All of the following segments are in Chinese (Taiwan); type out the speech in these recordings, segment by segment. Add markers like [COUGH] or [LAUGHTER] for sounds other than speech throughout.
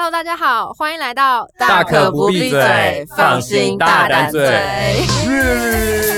Hello，大家好，歡迎來到大可不必閉嘴，閉嘴放心大膽嘴。 [LAUGHS] [LAUGHS]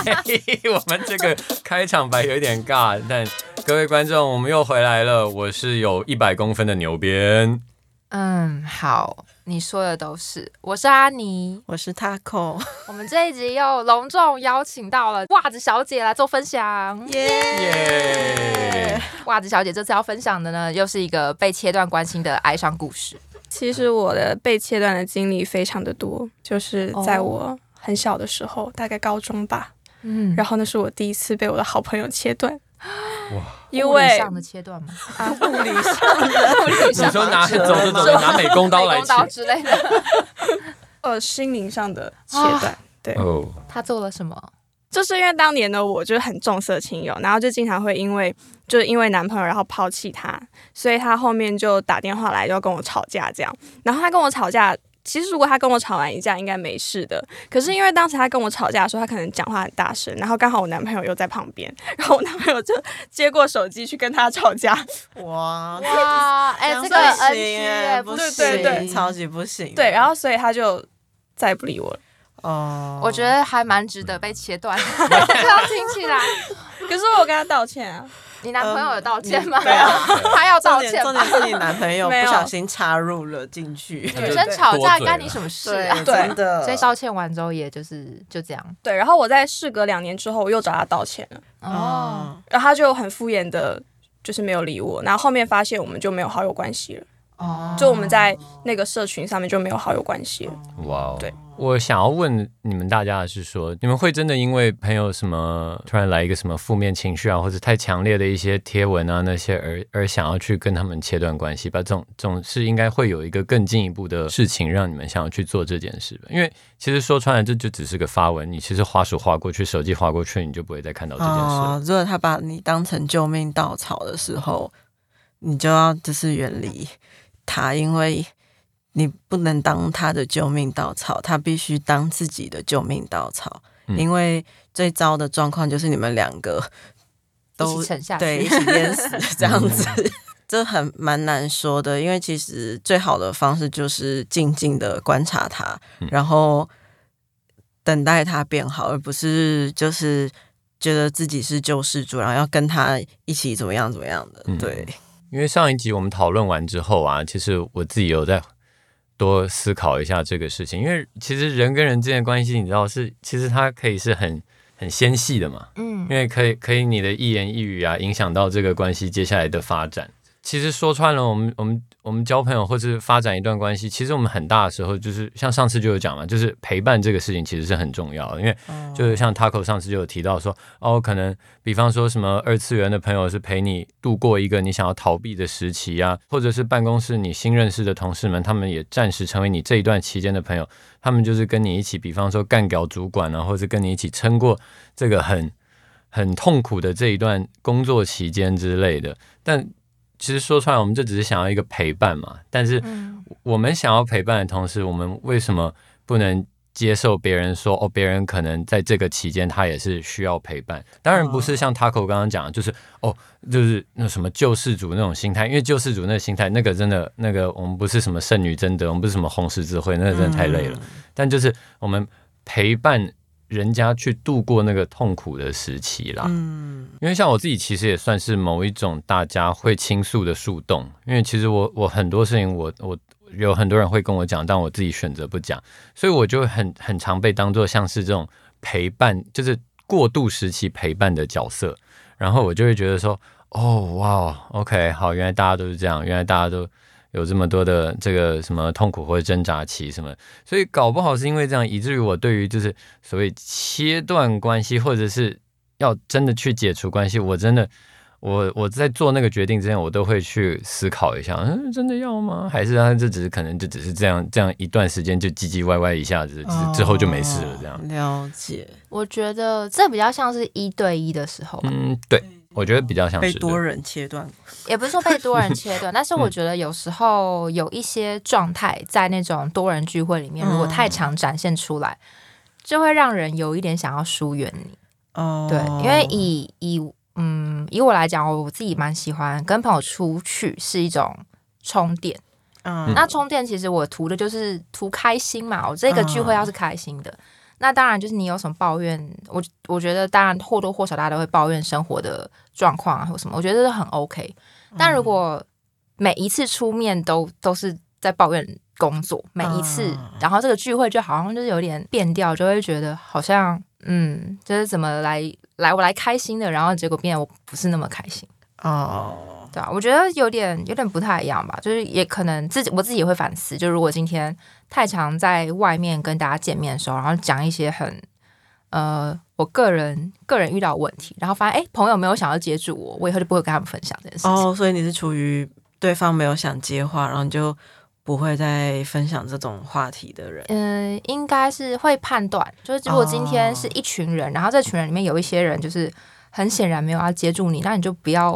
[LAUGHS] 我們這個開場白有點尬，但各位觀眾，我們又回來了。我是有一百公分的牛鞭。嗯，好，你說的都是。我是阿尼，我是 Taco。我們這一集又隆重邀請到了襪子小姐來做分享。耶！襪子小姐這次要分享的呢，又是一個被切斷關心的哀傷故事。其實我的被切斷的經歷非常的多，就是在我很小的時候，大概高中吧。嗯，然後那是我第一次被我的好朋友切斷，哇，因為，物理上的切斷嗎？啊，物理上，物理上，你說拿著走着走着拿美工刀來？美工刀之類的。呃，心靈上的切斷，對。他做了什麼？就是因為當年的我就是很重色輕友，然後就經常會因為，就是因為男朋友，然後拋棄他，所以他後面就打電話來就要跟我吵架，這樣。然後他跟我吵架。其實如果他跟我吵完一架應該沒事的，可是因為當時他跟我吵架的時候，他可能講話很大聲，然後剛好我男朋友又在旁邊，然後我男朋友就接過手機去跟他吵架，哇哎，這個恩怨不行，對對對對，超級不行，啊，對，然後所以他就再也不理我了，哦、呃，我覺得還蠻值得被切斷，這樣聽起來， [LAUGHS] 可是我跟他道歉啊。你男朋友有道歉嗎？嗯、沒有， [LAUGHS] 他要道歉嗎？重點是你男朋友不小心插入了進去。女生吵架關你什麼事啊？對， [LAUGHS] 對真的，所以道歉完之後，也就是就這樣。對，然後我在事隔兩年之後我又找他道歉了。哦，然後他就很敷衍的，就是沒有理我。然後後面發現我們就沒有好友關係了。就我們在那個社群上面就沒有好友關係。哇！Wow, 對，我想要問你們大家的是說，你們會真的因為朋友什麼突然來一個什麼負面情緒啊，或者太強烈的一些貼文啊那些而而想要去跟他們切斷關係吧？總總是應該會有一個更進一步的事情讓你們想要去做這件事吧？因為其實說穿了，這就只是個發文，你其實滑鼠，滑過去，手機滑過去，你就不會再看到這件事了。哦，如果他把你當成救命稻草的時候，你就要就是遠離他，因為你不能當他的救命稻草，他必須當自己的救命稻草。嗯、因為最糟的狀況就是你們兩個都沉下去，對， [LAUGHS] 一起淹死，這樣子，嗯嗯，這很蠻難說的。因為其實最好的方式就是靜靜的觀察他，然後等待他變好，而不是就是覺得自己是救世主，然後要跟他一起怎麼樣怎麼樣的，嗯、對。因為上一集我們討論完之後啊，其實我自己有在多思考一下這個事情。因為其實人跟人之間的關係，你知道是，其實它可以是很很纖細的嘛，嗯，因為可以可以你的一言一語啊，影響到這個關係接下來的發展。其實說穿了我，我們我們我們交朋友或是發展一段關係，其實我們很大的時候就是像上次就有講了，就是陪伴這個事情其實是很重要的，因為就是像 Taco 上次就有提到說，哦，可能比方說什麼二次元的朋友是陪你度過一個你想要逃避的時期啊，或者是辦公室你新認識的同事們，他們也暫時成為你這一段期間的朋友，他們就是跟你一起，比方說幹掉主管啊，或者是跟你一起撐過這個很很痛苦的這一段工作期間之類的，但。其實說出來，我們就只是想要一個陪伴嘛。但是我們想要陪伴的同時，嗯、我們為什麼不能接受別人說哦，別人可能在這個期間他也是需要陪伴？當然不是像 Taco 剛剛講的，就是哦，就是那什麼救世主那種心態。因為救世主那心態，那個真的那個我們不是什麼聖女貞德，我們不是什麼紅十字會，那個真的太累了。嗯、但就是我們陪伴。人家去度過那個痛苦的時期啦，嗯，因為像我自己其實也算是某一種大家會傾訴的樹洞，因為其實我我很多事情我我有很多人會跟我講，但我自己選擇不講，所以我就很很常被當做像是這種陪伴，就是過渡時期陪伴的角色，然後我就會覺得說，哦，哇，OK，好，原來大家都是這樣，原來大家都。有這麼多的這個什麼痛苦或者掙扎期什麼，所以搞不好是因為這樣，以至於我對於就是所謂切斷關係，或者是要真的去解除關係，我真的，我我在做那個決定之前，我都會去思考一下，嗯，真的要嗎？還是他、啊、這只是可能就只是這樣，這樣一段時間就唧唧歪歪一下子，之後就沒事了這樣、哦。了解，我覺得這比較像是一對一的時候。嗯，對。我覺得比較像被多人切斷， [LAUGHS] 也不是說被多人切斷，但是我覺得有時候有一些狀態在那種多人聚會裡面，嗯、如果太常展現出來，就會讓人有一點想要疏遠你。哦、對，因為以以嗯以我來講，我自己蠻喜歡跟朋友出去是一種充電。嗯，那充電其實我圖的就是圖開心嘛。我這個聚會要是開心的。嗯那當然，就是你有什麼抱怨，我我覺得當然或多或少大家都會抱怨生活的狀況啊，或什麼，我覺得這是很 OK。但如果每一次出面都都是在抱怨工作，每一次，嗯、然後這個聚會就好像就是有點變調，就會覺得好像嗯，就是怎麼來來我來開心的，然後結果變得我不是那麼開心哦，對啊，我覺得有點有點不太一樣吧，就是也可能自己我自己也會反思，就如果今天。太常在外面跟大家見面的時候，然後講一些很呃，我個人個人遇到問題，然後發現哎、欸，朋友沒有想要接住我，我以後就不會跟他們分享這件事。哦，oh, 所以你是處於對方沒有想接話，然後你就不會再分享這種話題的人。嗯、呃，應該是會判斷，就是如果今天是一群人，oh. 然後這群人裡面有一些人就是很顯然沒有要接住你，那你就不要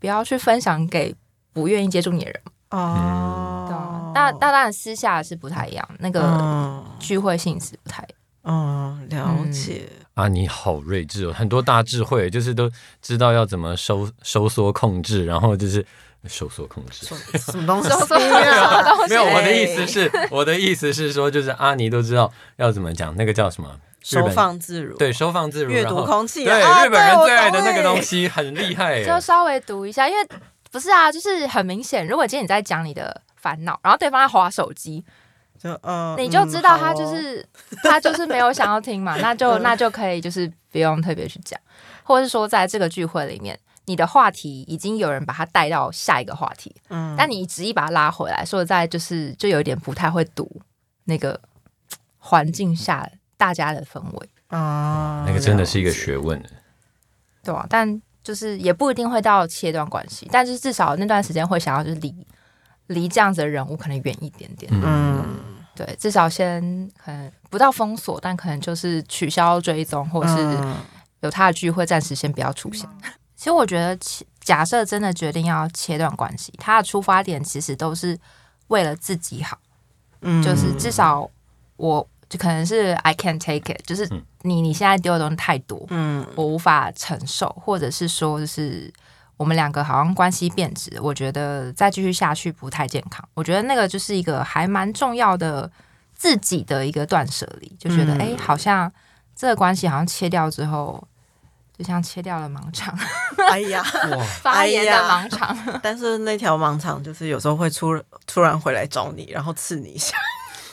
不要去分享給不願意接住你的人哦。Oh. 嗯，對啊。那大、大、大，私下是不太一樣，那個聚會性質不太一樣。哦、嗯，了解、啊。阿尼好睿智哦，很多大智慧，就是都知道要怎麼收收縮控制，然後就是收縮控制什。什麼東西、啊？沒有。我的意思是，我的意思是說，就是阿尼、啊、都知道要怎麼講，那個叫什麼？收放自如。對，收放自如。閱讀空氣、啊。對，啊、對日本人最愛的那個東西、欸、很厲害。就稍微讀一下，因為不是啊，就是很明顯。如果今天你在講你的煩惱，然後對方在滑手機，就、呃、你就知道他就是、嗯哦、他就是沒有想要聽嘛， [LAUGHS] 那就那就可以就是不用特別去講，或者是說在這個聚會裡面，你的話題已經有人把他帶到下一個話題，嗯，但你執意把他拉回來，說在就是就有點不太會讀那個環境下大家的氛圍啊、嗯嗯，那個真的是一個學問，對、啊，但就是也不一定會到切斷關係，但是至少那段時間會想要就是離。離這樣子的人，我可能遠一點點，嗯，對，至少先可能不到封鎖，但可能就是取消追蹤，或者是有他的聚會暫時先不要出現。嗯、其實我覺得，假設真的決定要切斷關係，他的出發點其實都是為了自己好，嗯，就是至少我就可能是 I can't take it，就是你你現在丟的東西太多，嗯、我無法承受，或者是說、就是。我們兩個好像關係變質，我覺得再繼續下去不太健康。我覺得那個就是一個還蠻重要的自己的一個斷捨離，就覺得哎、嗯欸，好像這個關係好像切掉之後，就像切掉了盲腸，哎呀， [LAUGHS] 發炎的盲腸、哎。但是那條盲腸就是有時候會出突然回來找你，然後刺你一下。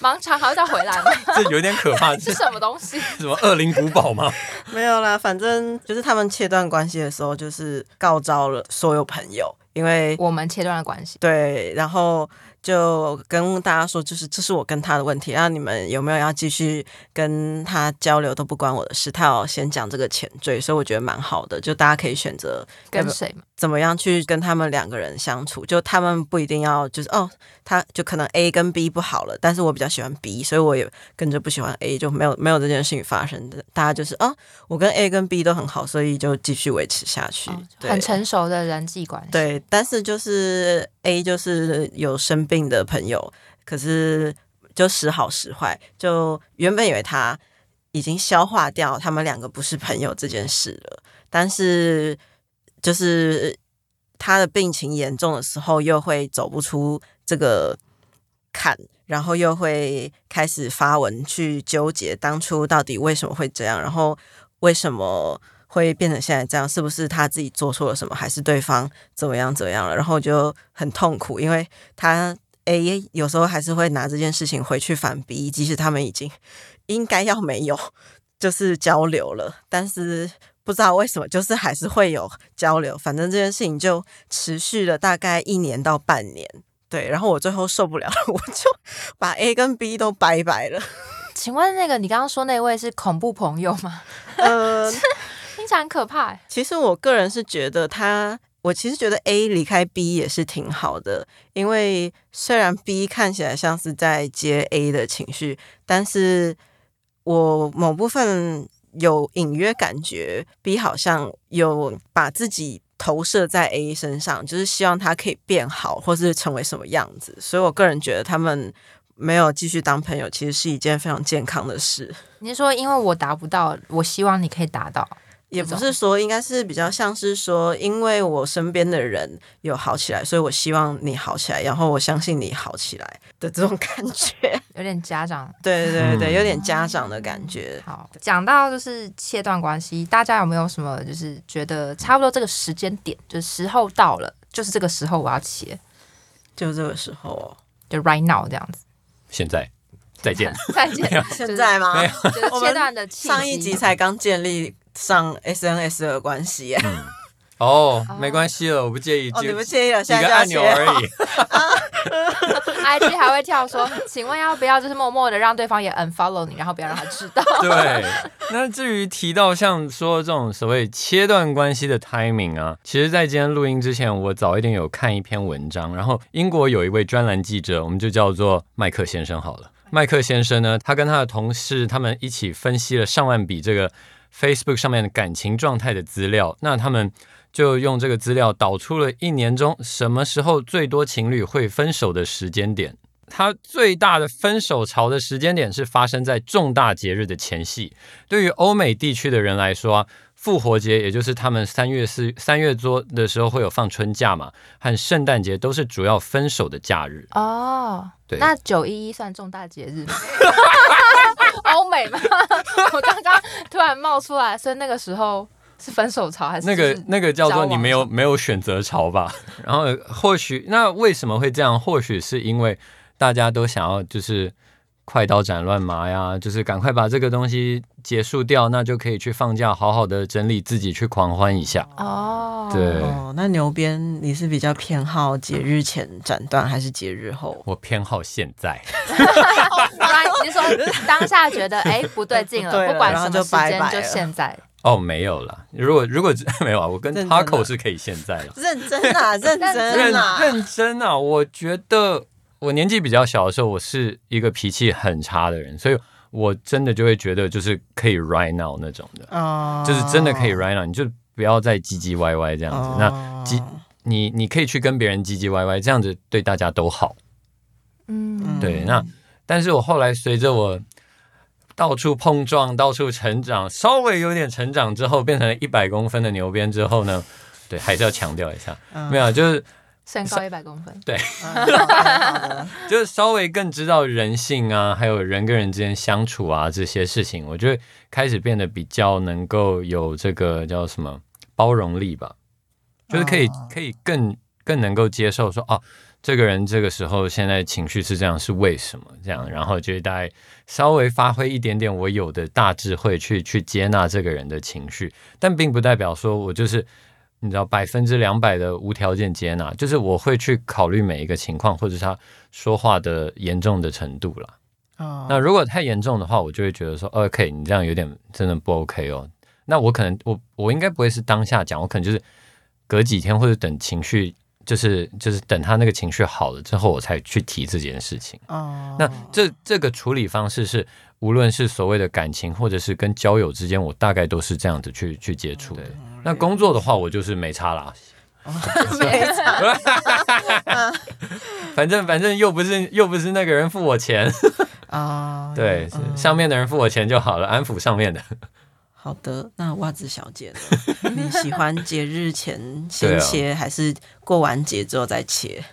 盲腸還要再回來嗎？ [LAUGHS] 這有點可怕。 [LAUGHS] 是什麼東西？ [LAUGHS] 什麼惡靈古堡嗎？ [LAUGHS] 沒有啦，反正就是他們切斷關係的時候，就是告召了所有朋友。因為我們切斷了關係，對，然後就跟大家說，就是這是我跟他的問題，然後你們有沒有要繼續跟他交流都不關我的事，他要先講這個前綴，所以我覺得蠻好的，就大家可以選擇跟誰嗎，怎麼樣去跟他們兩個人相處，就他們不一定要就是哦，他就可能 A 跟 B 不好了，但是我比較喜歡 B，所以我也跟着不喜歡 A，就沒有，沒有這件事情發生的，大家就是哦，我跟 A 跟 B 都很好，所以就繼續維持下去，哦、對，很成熟的人際關係，對。但是就是 A 就是有生病的朋友，可是就時好時壞。就原本以為他已經消化掉他們兩個不是朋友這件事了，但是就是他的病情嚴重的時候，又會走不出這個坎，然後又會開始發文去糾結當初到底為什麼會這樣，然後為什麼，會變成現在這樣，是不是他自己做錯了什麼，還是對方怎麼樣怎麼樣了？然後就很痛苦，因為他 A 有時候還是會拿這件事情回去反 B，即使他們已經應該要沒有，就是交流了，但是不知道為什麼，就是還是會有交流。反正這件事情就持續了大概一年到半年，對。然後我最後受不了了，我就把 A 跟 B 都拜拜了。請問那個你剛剛說那位是恐怖朋友嗎？呃。 [LAUGHS] 非常可怕。其實我個人是覺得他，我其實覺得 A 離開 B 也是挺好的，因為雖然 B 看起來像是在接 A 的情緒，但是我某部分有隱約感覺 B 好像有把自己投射在 A 身上，就是希望他可以變好，或是成為什麼樣子。所以我個人覺得他們沒有繼續當朋友，其實是一件非常健康的事。你是說，因為我達不到，我希望你可以達到。也不是說，應該是比較像是說，因為我身邊的人有好起來，所以我希望你好起來，然後我相信你好起來的這種感覺， [LAUGHS] 有點家長，對對對、嗯、有點家長的感覺。好，講到就是切斷關係，大家有沒有什麼就是覺得差不多這個時間點，就是時候到了，就是這個時候我要切，就這個時候，就 right now 這樣子，現在，再見， [LAUGHS] 再見，現在嗎？沒有，就是就是、切斷的 [LAUGHS] 上一集才剛建立。上 SNS 的關係，哦，沒關係了，我不介意，哦，你不介意了，一個按鈕而已。 [LAUGHS] uh, IG 還會跳說，請問要不要就是默默的讓對方也 unfollow 你，然後不要讓他知道。對，那至於提到像說這種所謂切斷關係的 timing 啊，其實在今天錄音之前，我早一點有看一篇文章，然後英國有一位專欄記者，我們就叫做麥克先生好了。麥克先生呢，他跟他的同事他們一起分析了上萬筆這個 Facebook 上面的感情狀態的資料，那他們就用這個資料導出了一年中什麼時候最多情侶會分手的時間點。他最大的分手潮的時間點是發生在重大節日的前夕。對於歐美地區的人來說，復活節也就是他們三月四三月多的時候會有放春假嘛，和聖誕節都是主要分手的假日。哦、oh, 對，那九一一算重大節日？ [LAUGHS] 歐 [LAUGHS] 美嗎？我剛剛突然冒出來，所以那個時候是分手潮還是，是那個那個叫做你沒有沒有選擇潮吧？然後或許那為什麼會這樣？或許是因為大家都想要就是。快刀斬亂麻呀，就是趕快把這個東西結束掉，那就可以去放假，好好的整理自己，去狂歡一下。哦，對哦，那牛鞭你是比較偏好節日前斬斷，還是節日後？我偏好現在。 [LAUGHS] 啊、 [LAUGHS] 你說你當下覺得哎、欸、不對勁了， [LAUGHS] 對不，對了，不管什麼時間就現在。哦，沒有了。如果如果沒有啊，我跟 Harco、啊、是可以現在的。認真啊，認真、啊 [LAUGHS] 認，認真啊，我覺得。我年紀比較小的時候，我是一個脾氣很差的人，所以我真的就會覺得就是可以 right now 那種的，oh, 就是真的可以 right now，你就不要再唧唧歪歪這樣子。Oh, 那唧，你你可以去跟別人唧唧歪歪，這樣子對大家都好。嗯，um, 對。那但是我後來隨着我到處碰撞、到處成長，稍微有點成長之後，變成了一百公分的牛鞭之後呢，對，還是要強調一下，uh, 沒有就是。身高一百公分，嗯、對， [LAUGHS] 就是稍微更知道人性啊，還有人跟人之間相處啊這些事情，我就開始變得比較能夠有這個叫什麼包容力吧，就是可以可以更更能夠接受說，哦、啊，這個人這個時候現在情緒是這樣，是為什麼這樣？然後就是大概稍微發揮一點點我有的大智慧去去接納這個人的情緒，但並不代表說我就是。你知道百分之兩百的無條件接納，就是我會去考慮每一個情況，或者是他說話的嚴重的程度了。Oh. 那如果太嚴重的話，我就會覺得說，OK，你這樣有點真的不 OK 哦。那我可能，我我應該不會是當下講，我可能就是隔幾天，或者等情緒，就是就是等他那個情緒好了之後，我才去提這件事情。哦，oh. 那這這個處理方式是。無論是所謂的感情，或者是跟交友之間，我大概都是這樣子去去接觸的。那工作的話，我就是沒差啦，沒差。反正反正又不是又不是那個人付我錢啊，對，上面的人付我錢就好了，安撫上面的。好的，那襪子小姐，你喜歡節日前先切，還是過完節之後再切，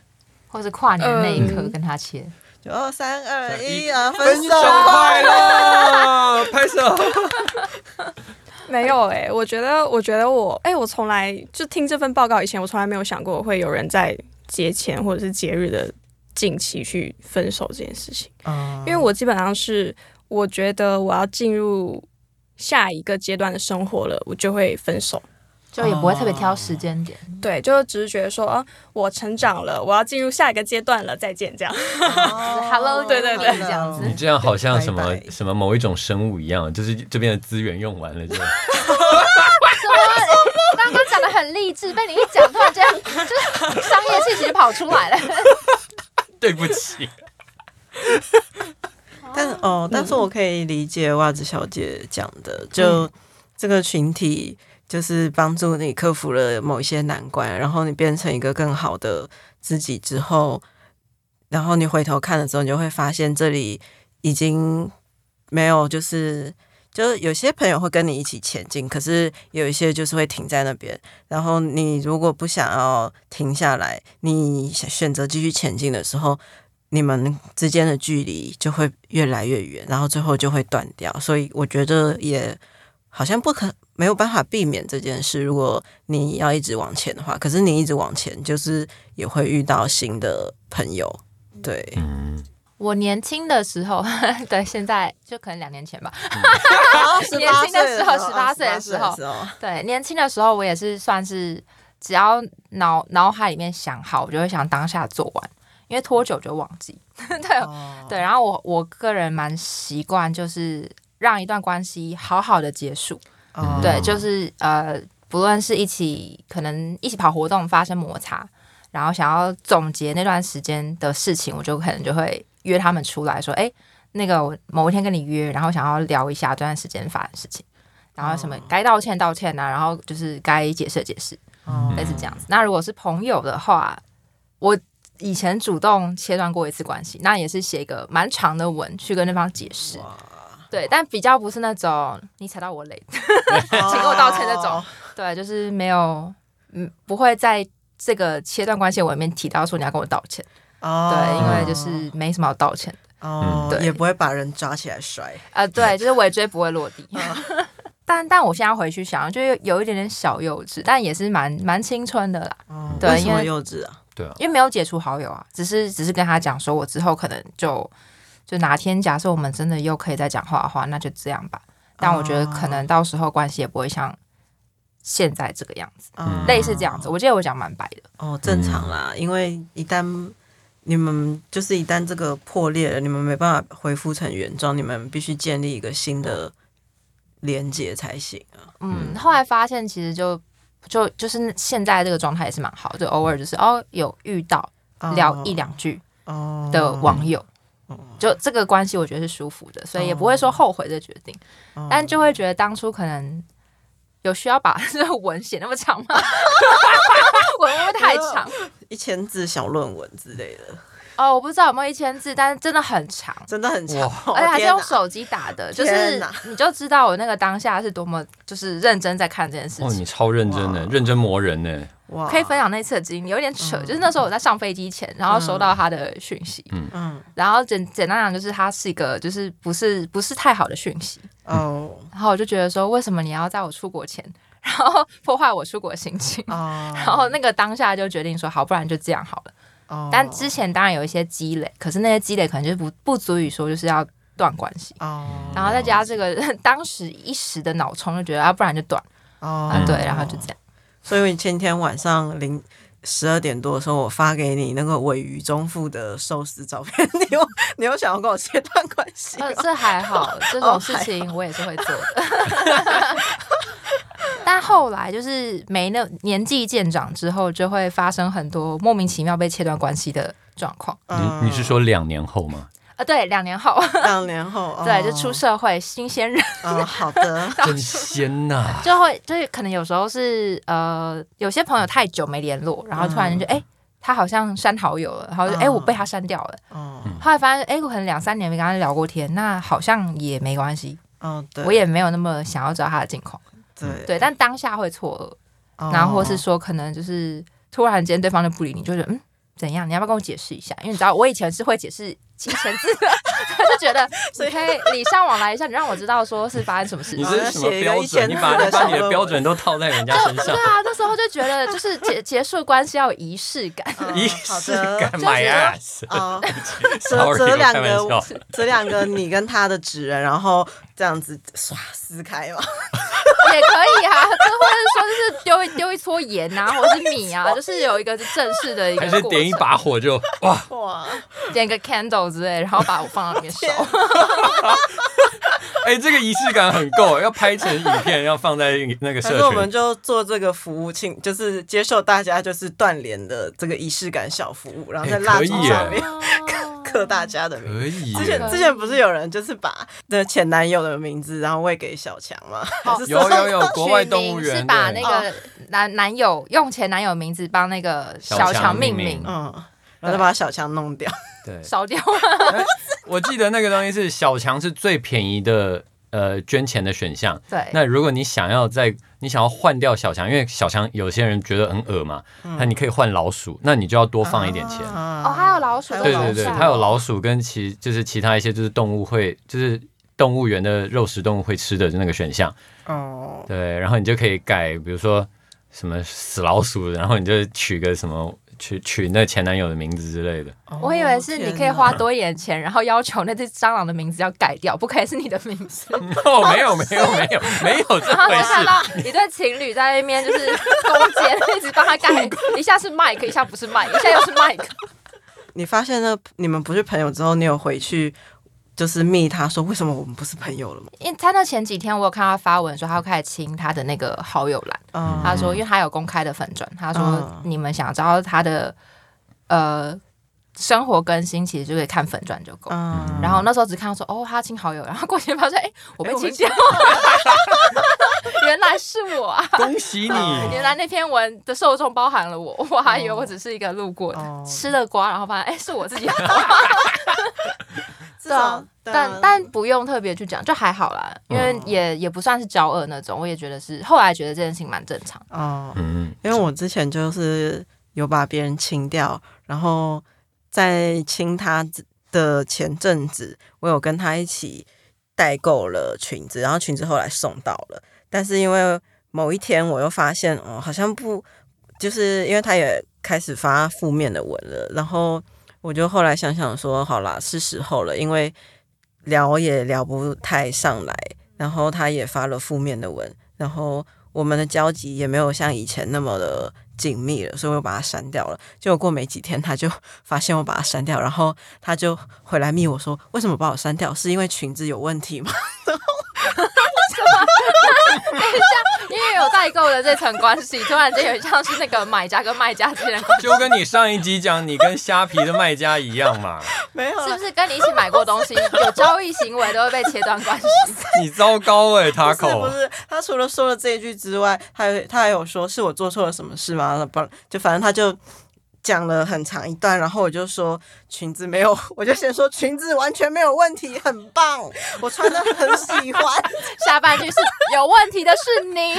或是跨年那一刻跟他切？哦，三二一啊！分手，分手快樂， [LAUGHS] 拍手。 [LAUGHS] 沒有哎、欸，我覺得，我覺得我，哎、欸，我從來就聽這份報告以前，我從來沒有想過會有人在節前或者是節日的近期去分手這件事情。嗯，因為我基本上是，我覺得我要進入下一個階段的生活了，我就會分手。就也不會特別挑時間點，對，就只是覺得說，哦，我成長了，我要進入下一個階段了，再見，這樣，Hello，對對對，這樣子。你這樣好像什麼什麼某一種生物一樣，就是這邊的資源用完了就。我剛剛講得很勵志，被你一講，突然這樣，就是商業氣息跑出來了。對不起。但哦，但是我可以理解襪子小姐講的，就這個群體。就是幫助你克服了某一些難關，然後你變成一個更好的自己之後，然後你回頭看的時候，你就會發現這裡已經沒有，就是就有些朋友會跟你一起前進，可是有一些就是會停在那邊。然後你如果不想要停下來，你選擇繼續前進的時候，你們之間的距離就會越來越遠，然後最後就會斷掉。所以我覺得也好像不可。沒有辦法避免這件事。如果你要一直往前的話，可是你一直往前，就是也會遇到新的朋友。對，我年輕的時候，呵呵對，現在就可能兩年前吧。年輕的時候，十八歲的時候，對，年輕的時候我也是算是，只要腦腦海裡面想好，我就會想當下做完，因為拖久就忘記。呵呵對，哦、對。然後我我個人蠻習慣，就是讓一段關係好好的結束。Oh. 對，就是呃，不論是一起可能一起跑活動發生摩擦，然後想要總結那段時間的事情，我就可能就會約他們出來，說，哎、欸，那個某一天跟你約，然後想要聊一下這段時間發生的事情，然後什麼該道歉道歉吶、啊，然後就是該解釋解釋，Oh. 類似這樣子。Oh. 那如果是朋友的話，我以前主動切斷過一次關係，那也是寫一個蠻長的文去跟對方解釋。Wow. 對，但比較不是那種你踩到我雷，oh, [LAUGHS] 請給我道歉那種。Oh, 對，就是沒有，嗯，不會在這個切斷關係文裡面提到說你要跟我道歉。Oh, 對，因為就是沒什麼要道歉、oh, 對，oh, 對也不會把人抓起來摔。啊、呃，對，就是尾椎不會落地。Oh. [LAUGHS] 但，但我現在回去想，就是有一點點小幼稚，但也是蠻蠻青春的啦。Oh, 對，為什麼幼稚啊？對啊，因為沒有解除好友啊，只是只是跟他講說我之後可能就。就哪天假設我們真的又可以再講話的話，那就這樣吧。但我覺得可能到時候關係也不會像現在這個樣子，哦、類似這樣子。我記得我講蠻白的。哦，正常啦，嗯、因為一旦你們就是一旦這個破裂了，你們沒辦法恢復成原狀，你們必須建立一個新的連接才行啊。嗯，後來發現其實就就就是現在這個狀態也是蠻好，就偶爾就是哦有遇到聊一兩句的網友。哦哦就這個關係，我覺得是舒服的，所以也不會說後悔的決定，嗯、但就會覺得當初可能有需要把那個文寫那麼長嗎？ [LAUGHS] [LAUGHS] 文會不會太長？一千字小論文之類的。哦，我不知道有沒有一千字，但是真的很長，真的很長，哇而且還是用手機打的，啊、就是你就知道我那個當下是多麼就是認真在看這件事情。哦，你超認真的，哇認真魔人呢。可以分享那次的經歷，有點扯。嗯、就是那時候我在上飛機前，然後收到他的訊息，嗯、然後簡簡單講，就是他是一個就是不是不是太好的訊息哦。嗯、然後我就覺得說，為什麼你要在我出國前，然後破壞我出國心情哦？嗯、然後那個當下就決定說，好，不然就這樣好了。嗯、但之前當然有一些積累，可是那些積累可能就不不足以說就是要斷關係哦。嗯、然後再加上這個當時一時的腦衝就覺得啊，不然就斷哦，嗯啊、對，然後就這樣。所以，你前天晚上零十二點多的時候，我發給你那個鮪魚中腹的壽司照片，你有你有想要跟我切斷關係？呃，這還好，這種事情，哦、我也是會做的。 [LAUGHS] [LAUGHS] 但後來就是沒那年紀漸長之後，就會發生很多莫名其妙被切斷關係的狀況。你、嗯、你是說兩年後嗎？啊，對，兩年後，兩年後， [LAUGHS] 對，哦、就出社會，哦、新鮮人，哦，好的，很鮮吶，就會，就是可能有時候是，呃，有些朋友太久沒聯絡，嗯、然後突然就，誒、欸、他好像刪好友了，然後就，誒、嗯欸、我被他刪掉了，嗯，後來發現，誒、欸、我可能兩三年沒跟他聊過天，那好像也沒關係，嗯，對，我也沒有那麼想要知道他的近況，對、嗯，對，但當下會錯愕，然後或是說，可能就是突然間對方就不理你，就是，嗯，怎樣？你要不要跟我解釋一下？因為你知道，我以前是會解釋。七千字，他 [LAUGHS] 就覺得你可以禮尚往來一下，以你讓我知道說是發生什麼事情。一個一千字的你是什麼標準？你把你的標準都套在人家身上。哦、對啊，那時候就覺得就是結結束關係要有儀式感，儀式感嘛呀。折折兩個，折兩個你跟他的紙人、啊，然後這樣子刷，撕開嘛， [LAUGHS] 也可以啊。或者說就是丟一丟一撮鹽啊，或者是米啊，就是有一個正式的一個，還是點一把火就哇， [LAUGHS] 點個 candle。之類，然後把我放到裡面燒。哎、啊 [LAUGHS] 欸，這個儀式感很夠，要拍成影片，要放在那個社群。所以我們就做這個服務，請就是接受大家就是斷聯的這個儀式感小服務，然後在蠟燭上面刻刻、欸、大家的名可以。之前之前不是有人就是把的前男友的名字，然後餵給小強嗎？哦、還是有有有，國外動物園是把那個男男友對、哦、用前男友名字幫那個小強命名，命名嗯，然後就把小強弄掉。燒掉。我記得那個東西是小強是最便宜的呃捐錢的選項。對，那如果你想要在你想要換掉小強，因為小強有些人覺得很惡嘛，那、嗯、你可以換老鼠，那你就要多放一點錢。哦、啊，還有老鼠。對對對，它有老鼠跟其就是其他一些就是動物會就是動物園的肉食動物會吃的那個選項。哦、嗯。對，然後你就可以改，比如說什麼死老鼠，然後你就取個什麼。取取那前男友的名字之類的，我以為是你可以花多一點錢，哪然後要求那只蟑螂的名字要改掉，不可以是你的名字。哦、no，沒有沒有沒有沒有。沒有這回事。 [LAUGHS] 然後就看到一對情侶在那邊就是攻堅， [LAUGHS] 一直幫他改，一下是麥克，一下不是麥克，一下又是麥克。你發現那你們不是朋友之後，你有回去？就是密他說，為什麼我們不是朋友了嗎？因為他那前幾天我有看他發文說他要開始清他的那個好友欄。嗯、他說因為他有公開的粉專，他說你們想知道他的、嗯、呃。生活更新其實就可以看粉專就夠。嗯、然後那時候只看到說哦，他清好友，然後過幾天發現哎、欸，我被清掉、欸， [LAUGHS] 原來是我啊！恭喜你！原來那篇文的受眾包含了我，我還以為我只是一個路過的、哦、吃了瓜，然後發現哎、欸、是我自己。是啊，但、嗯、但不用特別去講，就還好啦，因為也也不算是交惡那種，我也覺得是後來覺得這件事情蠻正常哦。嗯，因為我之前就是有把別人清掉，然後。在親他的前陣子，我有跟他一起代購了裙子，然後裙子後來送到了。但是因為某一天我又發現，哦，好像不，就是因為他也開始發負面的文了。然後我就後來想想說，好啦，是時候了，因為聊也聊不太上來，然後他也發了負面的文，然後我們的交集也沒有像以前那麼的緊密了，所以我把它刪掉了。結果過沒幾天，他就發現我把它刪掉，然後他就回來密我說：“為什麼把我刪掉？是因為裙子有問題嗎？”然後哈哈哈。 [LAUGHS] 有代購的這層關係，突然間有像是那個買家跟賣家之間的關係，就跟你上一集講你跟蝦皮的賣家一樣嘛？ [LAUGHS] 沒有了，是不是跟你一起買過東西、有交易行為都會被切斷關係？你糟糕哎，他不是不是，他除了說了這一句之外，他有，他還有說是我做錯了什麼事嗎？就反正他就。講了很長一段，然後我就說裙子沒有，我就先說裙子完全沒有問題，很棒，我穿得很喜歡。 [LAUGHS] 下半句是 [LAUGHS] 有問題的是你，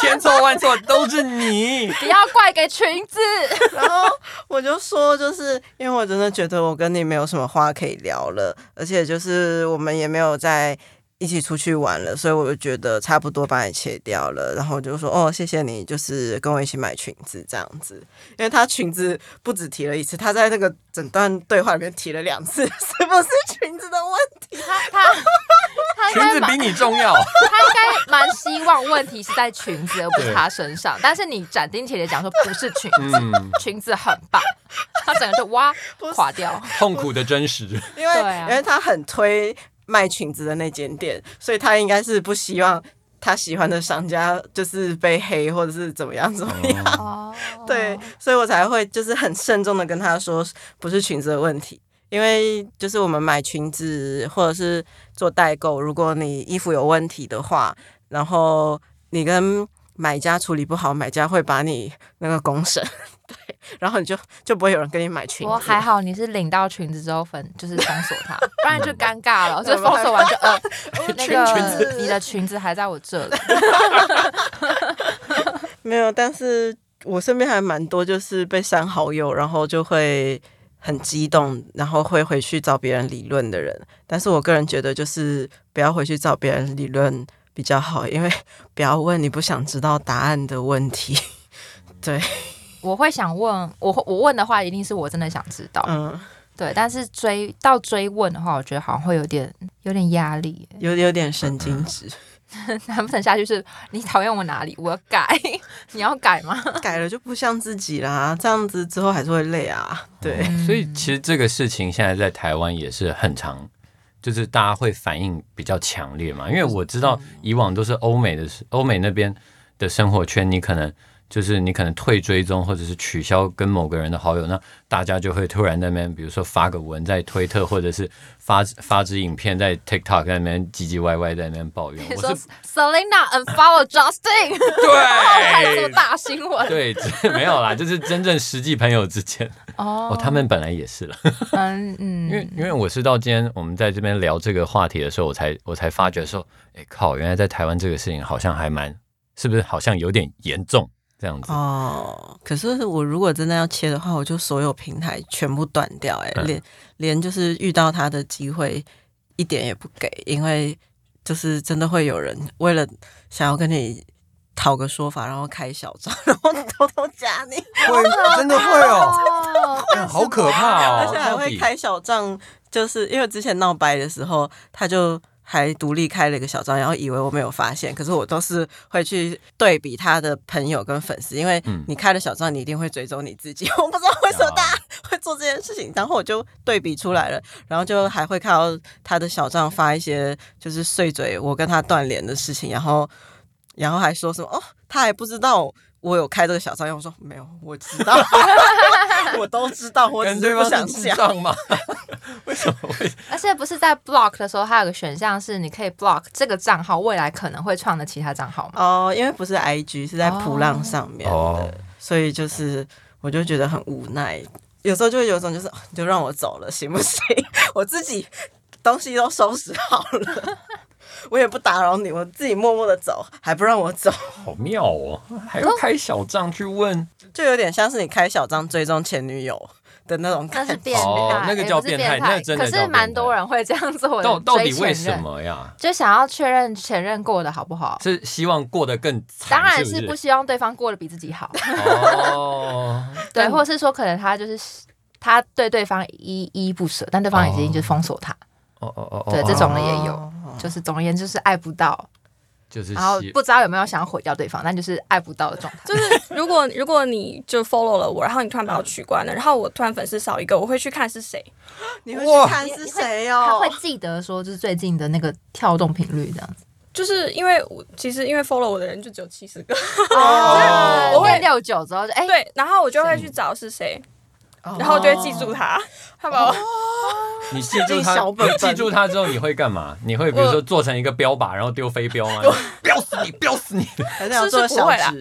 千錯萬錯都是你，不要怪給裙子。 [LAUGHS] 然後我就說，就是因為我真的覺得我跟你沒有什麼話可以聊了，而且就是我們也沒有在。一起出去玩了，所以我就覺得差不多把你切掉了，然後就說，哦，謝謝你，就是跟我一起買裙子這樣子，因為他裙子不止提了一次，他在那個整段對話裡面提了兩次，是不是裙子的問題？他他，他裙子比你重要，他應該蠻希望問題是在裙子，而不是他身上，對但是你斬釘截鐵講說不是裙子，嗯、裙子很棒，他整個就哇是垮掉，痛苦的真實，因為、啊、因為他很推。賣裙子的那間店，所以他應該是不希望他喜歡的商家就是被黑或者是怎麼樣怎麼樣，對，所以我才會就是很慎重的跟他說不是裙子的問題，因為就是我們買裙子或者是做代購，如果你衣服有問題的話，然後你跟買家處理不好，買家會把你那個公審。然後你就就不會有人跟你買裙子。我還好，你是領到裙子之後分，就是封鎖它，不然就尷尬了。 [LAUGHS] 就封鎖完就 [LAUGHS] 呃，那個裙子，你的裙子還在我這裡。 [LAUGHS] [LAUGHS] 沒有，但是我身邊還蠻多，就是被刪好友，然後就會很激動，然後會回去找別人理論的人。但是我個人覺得，就是不要回去找別人理論比較好，因為不要問你不想知道答案的問題，對。我會想問，我我問的話，一定是我真的想知道。嗯，對。但是追到追問的話，我覺得好像會有點有點壓力，有有點神經質、嗯。難不成下去是你討厭我哪裡？我要改？你要改嗎？改了就不像自己啦，這樣子之後還是會累啊。對。嗯、所以其實這個事情現在在台灣也是很常，就是大家會反應比較強烈嘛。因為我知道以往都是歐美的歐美那邊的生活圈，你可能。就是你可能退追蹤，或者是取消跟某個人的好友，那大家就會突然在那邊，比如說發個文在推特，或者是發發支影片在 TikTok，在那邊唧唧歪歪，在那邊抱怨。我是說 Selena unfollow Justin， [LAUGHS] 對，好看到這麼大新聞。對，沒有啦，就是真正實際朋友之間哦， [LAUGHS] oh, 他們本來也是了，嗯嗯，因為因為我是到今天我們在這邊聊這個話題的時候，我才我才發覺說，哎、欸、靠，原來在台灣這個事情好像還蠻，是不是好像有點嚴重？這樣子哦，可是我如果真的要切的話，我就所有平台全部斷掉，欸，哎、嗯，連連就是遇到他的機會一點也不給，因為就是真的會有人為了想要跟你討個說法，然後開小賬，然後偷偷加你，會真的會哦 [LAUGHS] 真的會，嗯，好可怕哦，而且還會開小賬，底就是因為之前鬧掰的時候他就。還獨立開了一個小賬，然後以為我沒有發現，可是我都是會去對比他的朋友跟粉絲，因為你開了小賬，你一定會追蹤你自己。嗯，我不知道為什麼大家會做這件事情，然後我就對比出來了，然後就還會看到他的小賬發一些就是碎嘴，我跟他斷聯的事情，然後然後還說什麼哦，他還不知道我有開這個小賬，然後我說沒有，我知道。 [LAUGHS] [LAUGHS] 我都知道，我只是不想這樣嗎？為什麼？而且不是在 block 的時候，還有個選項是你可以 block 這個賬號未來可能會創的其他賬號嗎？哦，因為不是 IG 是在普浪上面的，哦，所以就是我就覺得很無奈，有時候就會有種就是就讓我走了行不行？我自己東西都收拾好了。我也不打擾你，我自己默默的走，還不讓我走，好妙哦！還要開小帳去問， [LAUGHS] 就有點像是你開小帳追蹤前女友的那種感覺。那是變態，那個叫變態。可是蠻多人會這樣做，到底，到底為什麼呀？就想要確認前任過得好不好，是希望過得更慘，是不是……當然是不希望對方過得比自己好。哦， [LAUGHS] 對，嗯。或是說可能他就是他對對方依依不舍，但對方已經就封鎖他。哦哦哦，對，這種的也有。啊就是總而言之，是愛不到，就是然後不知道有沒有想要毀掉對方，但就是愛不到的狀態。就是 [LAUGHS] 如果如果你就 follow 了我，然後你突然把我取關了，然後我突然粉絲少一個，我會去看是誰，你會去看是誰哦哇。他會記得說就是最近的那個跳動頻率這樣子。就是因為我其實因為 follow 我的人就只有七十個，oh, [LAUGHS] 我會掉九之後就哎對，然後我就會去找是誰。然後就會記住他，他把我，哦。 [LAUGHS] 你記住他，你記住他之後你會幹嘛？你會比如說做成一個標靶，然後丟飛鏢嗎？標我 [LAUGHS] 死你，標死你！是，是是不會啦，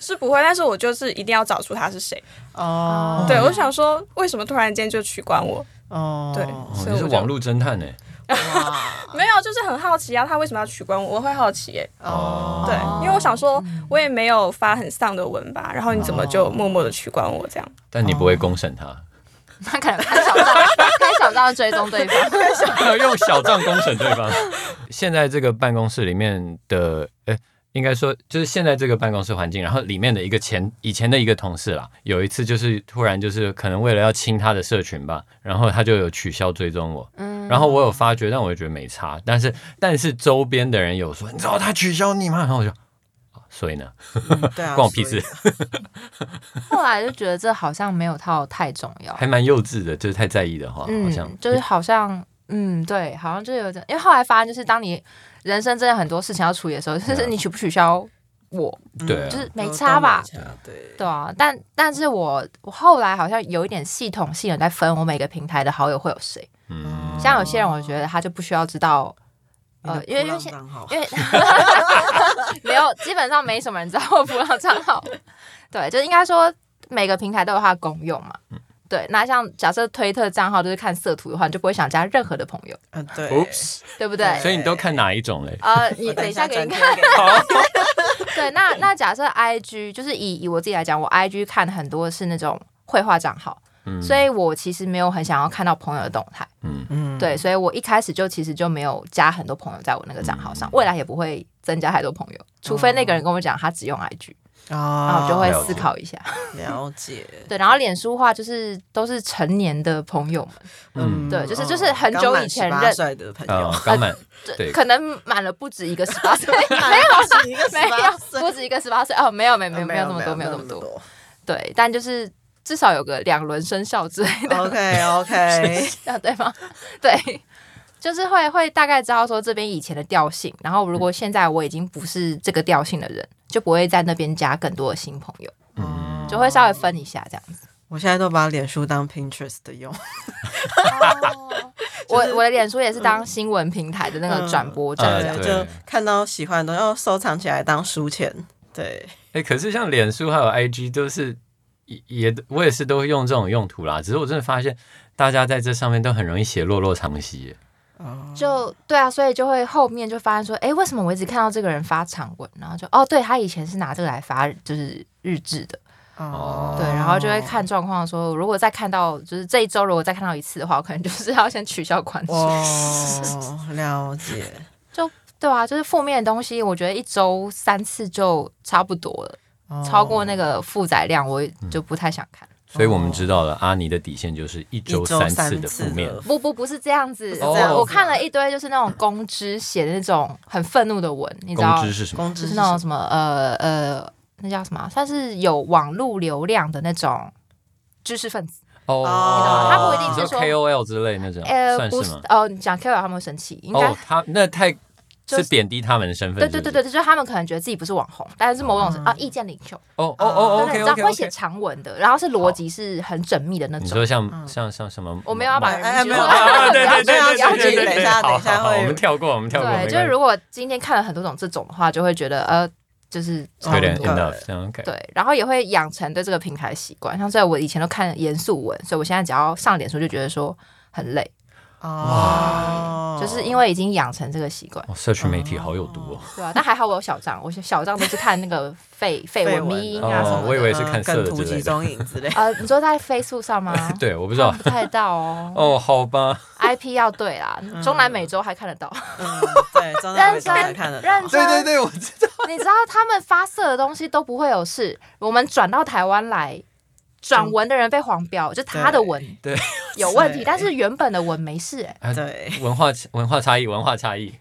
是不會。但是我就是一定要找出他是誰哦。對，我想說，為什麼突然間就取關我？哦，對哦，你是網路偵探呢？欸？Wow. [LAUGHS] 沒有，就是很好奇啊，他為什麼要取關我？我會好奇耶、欸。哦，oh. 對，因為我想說，我也沒有發很喪的文吧，然後你怎麼就默默的取關我這樣？但你不會公審他，oh. [LAUGHS] 他可能開小賬，開 [LAUGHS] 小賬追蹤對方， [LAUGHS] 用小賬公審對方。現在這個辦公室裡面的，欸應該說，就是現在這個辦公室環境，然後裡面的一個前以前的一個同事啦，有一次就是突然就是可能為了要清他的社群吧，然後他就有取消追蹤我，嗯，然後我有發覺，但我就覺得沒差，但是但是周邊的人有說，你知道他取消你嗎？然後我就，哦、所以呢，嗯、對、啊，關 [LAUGHS] 我屁事。後來就覺得這好像沒有套太重要， [LAUGHS] 還蠻幼稚的，就是太在意的話，好像、嗯、就是好像，嗯，嗯對，對，好像就有點，因為後來發現就是當你。人生真的很多事情要處理的時候，就是，是你取不取消我，對、啊，就是沒差吧，差對，對啊，但但是我我後來好像有一點系統性的在分我每個平台的好友會有誰，嗯，像有些人我覺得他就不需要知道，嗯、呃，因為因為，因為為現，因為沒有基本上沒什麼人知道我噗浪帳號， [LAUGHS] 對，就應該說每個平台都有它的功用嘛。嗯對，那像假設推特賬號就是看色圖的話，你就不會想加任何的朋友。嗯、呃，對，對不對？所以你都看哪一種嘞？呃，你等一下給你看。 [LAUGHS] 對，那那假設 I G 就是以以我自己來講，我 I G 看很多是那種繪畫賬號，嗯、所以我其實沒有很想要看到朋友的動態。嗯嗯。對，所以我一開始就其實就沒有加很多朋友在我那個賬號上，嗯、未來也不會增加太多朋友，除非那個人跟我講他只用 I G。啊，然後就會思考一下，了解。對。然後臉書話就是都是成年的朋友們，嗯，對，就是就是很久以前認識的朋友，剛可能滿了不止一個十八歲，沒有十八歲，不止一個十八歲，哦，沒有，沒沒沒沒有那麼多，沒有那麼多，對，但就是至少有個兩輪生肖之類的，OK OK，啊對嗎？對，就是會會大概知道說這邊以前的調性，然後如果現在我已經不是這個調性的人。就不會在那邊加更多的新朋友，嗯，就會稍微分一下這樣子。我現在都把臉書當 Pinterest 的用，我我的臉書也是當新聞平台的那個轉播站這樣、嗯啊，就看到喜歡的東西都要收藏起來當書籤。對、欸，可是像臉書還有 IG 都是也也我也是都會用這種用途啦，只是我真的發現大家在這上面都很容易寫落落長西。Oh. 就對啊，所以就會後面就發現說，哎、欸，為什麼我一直看到這個人發長文？然後就哦，對，他以前是拿這個來發，就是日誌的。哦，oh. 對，然後就會看狀況說，如果再看到，就是這一周如果再看到一次的話，我可能就是要先取消關注。Oh, 了解， [LAUGHS] 就對啊，就是負面的東西，我覺得一周三次就差不多了，oh. 超過那個負載量，我就不太想看。嗯所以，我們知道了、oh. 阿尼的底線就是一周三次的負面。不不不是這樣子，oh, 我看了一堆就是那種公知寫的那種很憤怒的文，你知道嗎？公知是什麼？公知是那種什麼？呃呃，那叫什麼、啊？他是有網絡流量的那種知識分子。哦、oh.，他不一定是說 KOL 之類那種，呃、不是算是嗎？哦，你講 KOL 他們會生氣，應該、oh, 他那太。是貶低他們的身份，對對對對，就是他們可能覺得自己不是網紅，但是某種是啊意見領袖。哦哦哦哦，你知道會寫長文的，然後是邏輯是很縝密的那種。你說像像像什麼？我沒有辦法，沒有啊，對對對，了解一下，等一下我們跳過，我們跳過。對，就是如果今天看了很多種這種的話，就會覺得呃，就是有點對。然後也會養成對這個平台習慣，像在我以前都看嚴肅文，所以我現在只要上臉書就覺得說很累。哦，就是因為已經養成這個習慣。社群、哦、媒體好有毒哦、喔。對啊，但還好我有小帳，我小帳都是看那個廢廢文咪、密音啊什麼的，我以為是看色的之類的。更圖、集中營之類。呃，你說在 Facebook 上嗎？ [LAUGHS] 對，我不知道，不太到哦、喔。哦，好吧。IP 要對啦，中南美洲還看得到。嗯、對，中南美洲還看得到。對對對，我知道。你知道他們發色的東西都不會有事，我們轉到台灣來。轉文的人被黃標，嗯、就他的文對有問題，但是原本的文沒事哎、欸。對、呃，文化文化差異，文化差異，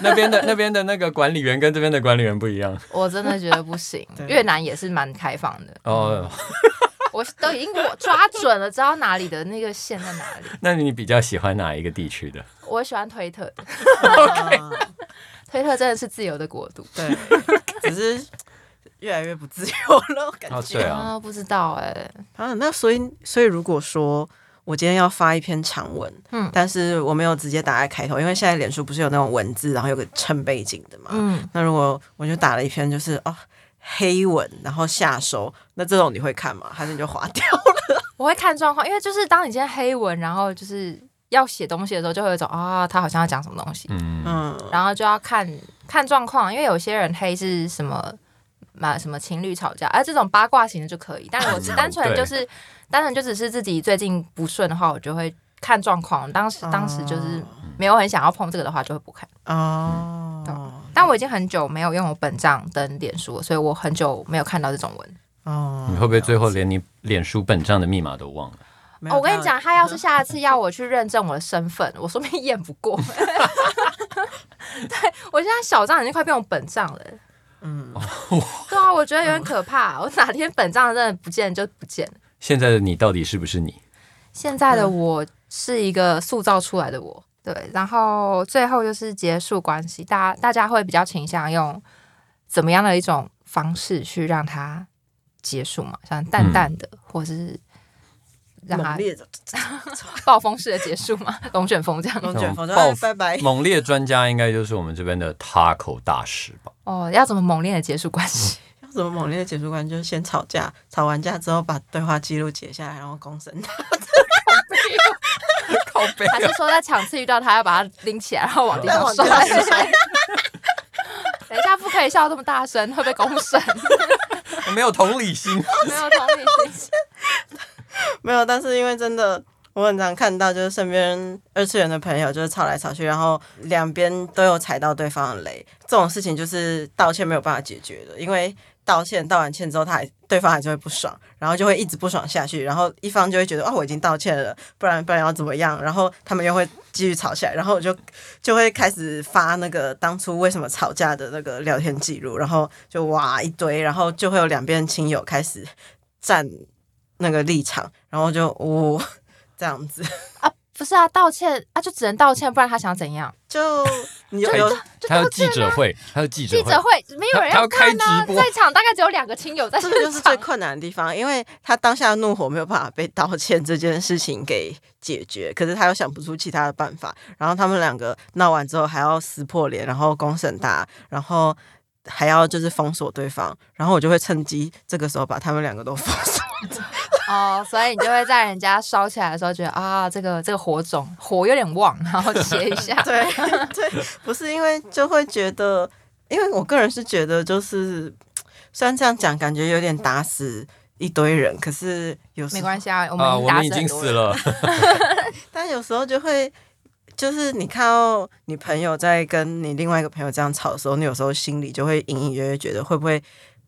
那邊的那邊的那個管理員跟這邊的管理員不一樣。我真的覺得不行，對越南也是蠻開放的哦。Oh. 我都已經抓準了，知道哪裡的那個線在哪裡。那你比較喜歡哪一個地區的？我喜歡推特的。Okay. [LAUGHS] 推特真的是自由的國度，對，Okay. 只是。越來越不自由了，感覺、哦、啊，不知道哎啊，那所以所以如果說我今天要發一篇長文，嗯，但是我沒有直接打在開頭，因為現在臉書不是有那種文字，然後有個襯背景的嘛，嗯，那如果我就打了一篇就是哦黑文，然後下手。那這種你會看嗎？還是你就劃掉了？我會看狀況，因為就是當你今天黑文，然後就是要寫東西的時候，就會有一種啊，他好像要講什麼東西，嗯，然後就要看看狀況，因為有些人黑是什麼。買什麼情侶吵架？哎、啊，這種八卦型的就可以。但是我只單純就是， [LAUGHS] 對單純就只是自己最近不順的話，我就會看狀況。當時當時就是沒有很想要碰這個的話，就會不看哦。但我已經很久沒有用我本賬登臉書了，所以我很久沒有看到這種文哦。Oh, 你會不會最後連你臉書本賬的密碼都忘了？ [LAUGHS] 我跟你講，他要是下次要我去認證我的身份，我說不定驗不過。 [LAUGHS] [LAUGHS] [LAUGHS] 對我現在小賬已經快變我本賬了。嗯，對啊、 [LAUGHS] 哦，我覺得有點可怕。哦、我哪天本賬真的不見就不見了。現在的你到底是不是你？現在的我是一個塑造出來的我，對。然後最後就是結束關係，大大家會比較傾向用怎麼樣的一種方式去讓它結束嘛？像淡淡的，嗯、或是。讓猛烈，的暴風式的結束嘛，龍捲 [LAUGHS] 風這樣？龍捲風這樣，拜拜！猛烈專家應該就是我們這邊的 Taco 大使吧？哦，要怎麼猛烈的結束關係，嗯？要怎麼猛烈的結束關係？就是先吵架，吵完架之後把對話記錄截下來，然後公審。他哈哈還是說在強次遇到他，要把他拎起來，然後往地上摔？ [LAUGHS] 等一下，不可以笑這麼大聲，會被公審。 [LAUGHS] 我沒有同理心，我沒有同理心。 [LAUGHS] [LAUGHS] 沒有，但是因為真的，我很常看到，就是身邊二次元的朋友就是吵來吵去，然後兩邊都有踩到對方的雷，這種事情就是道歉沒有辦法解決的，因為道歉道完歉之後，他還對方還是會不爽，然後就會一直不爽下去，然後一方就會覺得哦，我已經道歉了，不然不然要怎麼樣？然後他們又會繼續吵起來，然後我就就會開始發那個當初為什麼吵架的那個聊天記錄，然後就哇一堆，然後就會有兩邊親友開始站。那個立場，然後就嗚、哦、這樣子啊，不是啊，道歉啊，就只能道歉，不然他想怎樣？就你有沒就有、啊、記者會，還有記者會記者會，沒有人要看、啊、他他要開直播。在場大概只有兩個親友在場。這個就是最困難的地方，因為他當下的怒火沒有辦法被道歉這件事情給解決，可是他又想不出其他的辦法。然後他們兩個鬧完之後還要撕破臉，然後公審他，然後還要就是封鎖對方，然後我就會趁機這個時候把他們兩個都封鎖。 [LAUGHS] 哦，oh, 所以你就會在人家燒起來的時候，覺得 [LAUGHS] 啊，這個這個火種火有點旺，然後歇一下。 [LAUGHS] 對對，不是因為就會覺得，因為我個人是覺得，就是雖然這樣講，感覺有點打死一堆人，可是有沒關係啊，我們、啊、我們已經死了。 [LAUGHS] [LAUGHS] 但有時候就會，就是你看到你朋友在跟你另外一個朋友這樣吵的時候，你有時候心裡就會隱隱約約覺得，會不會？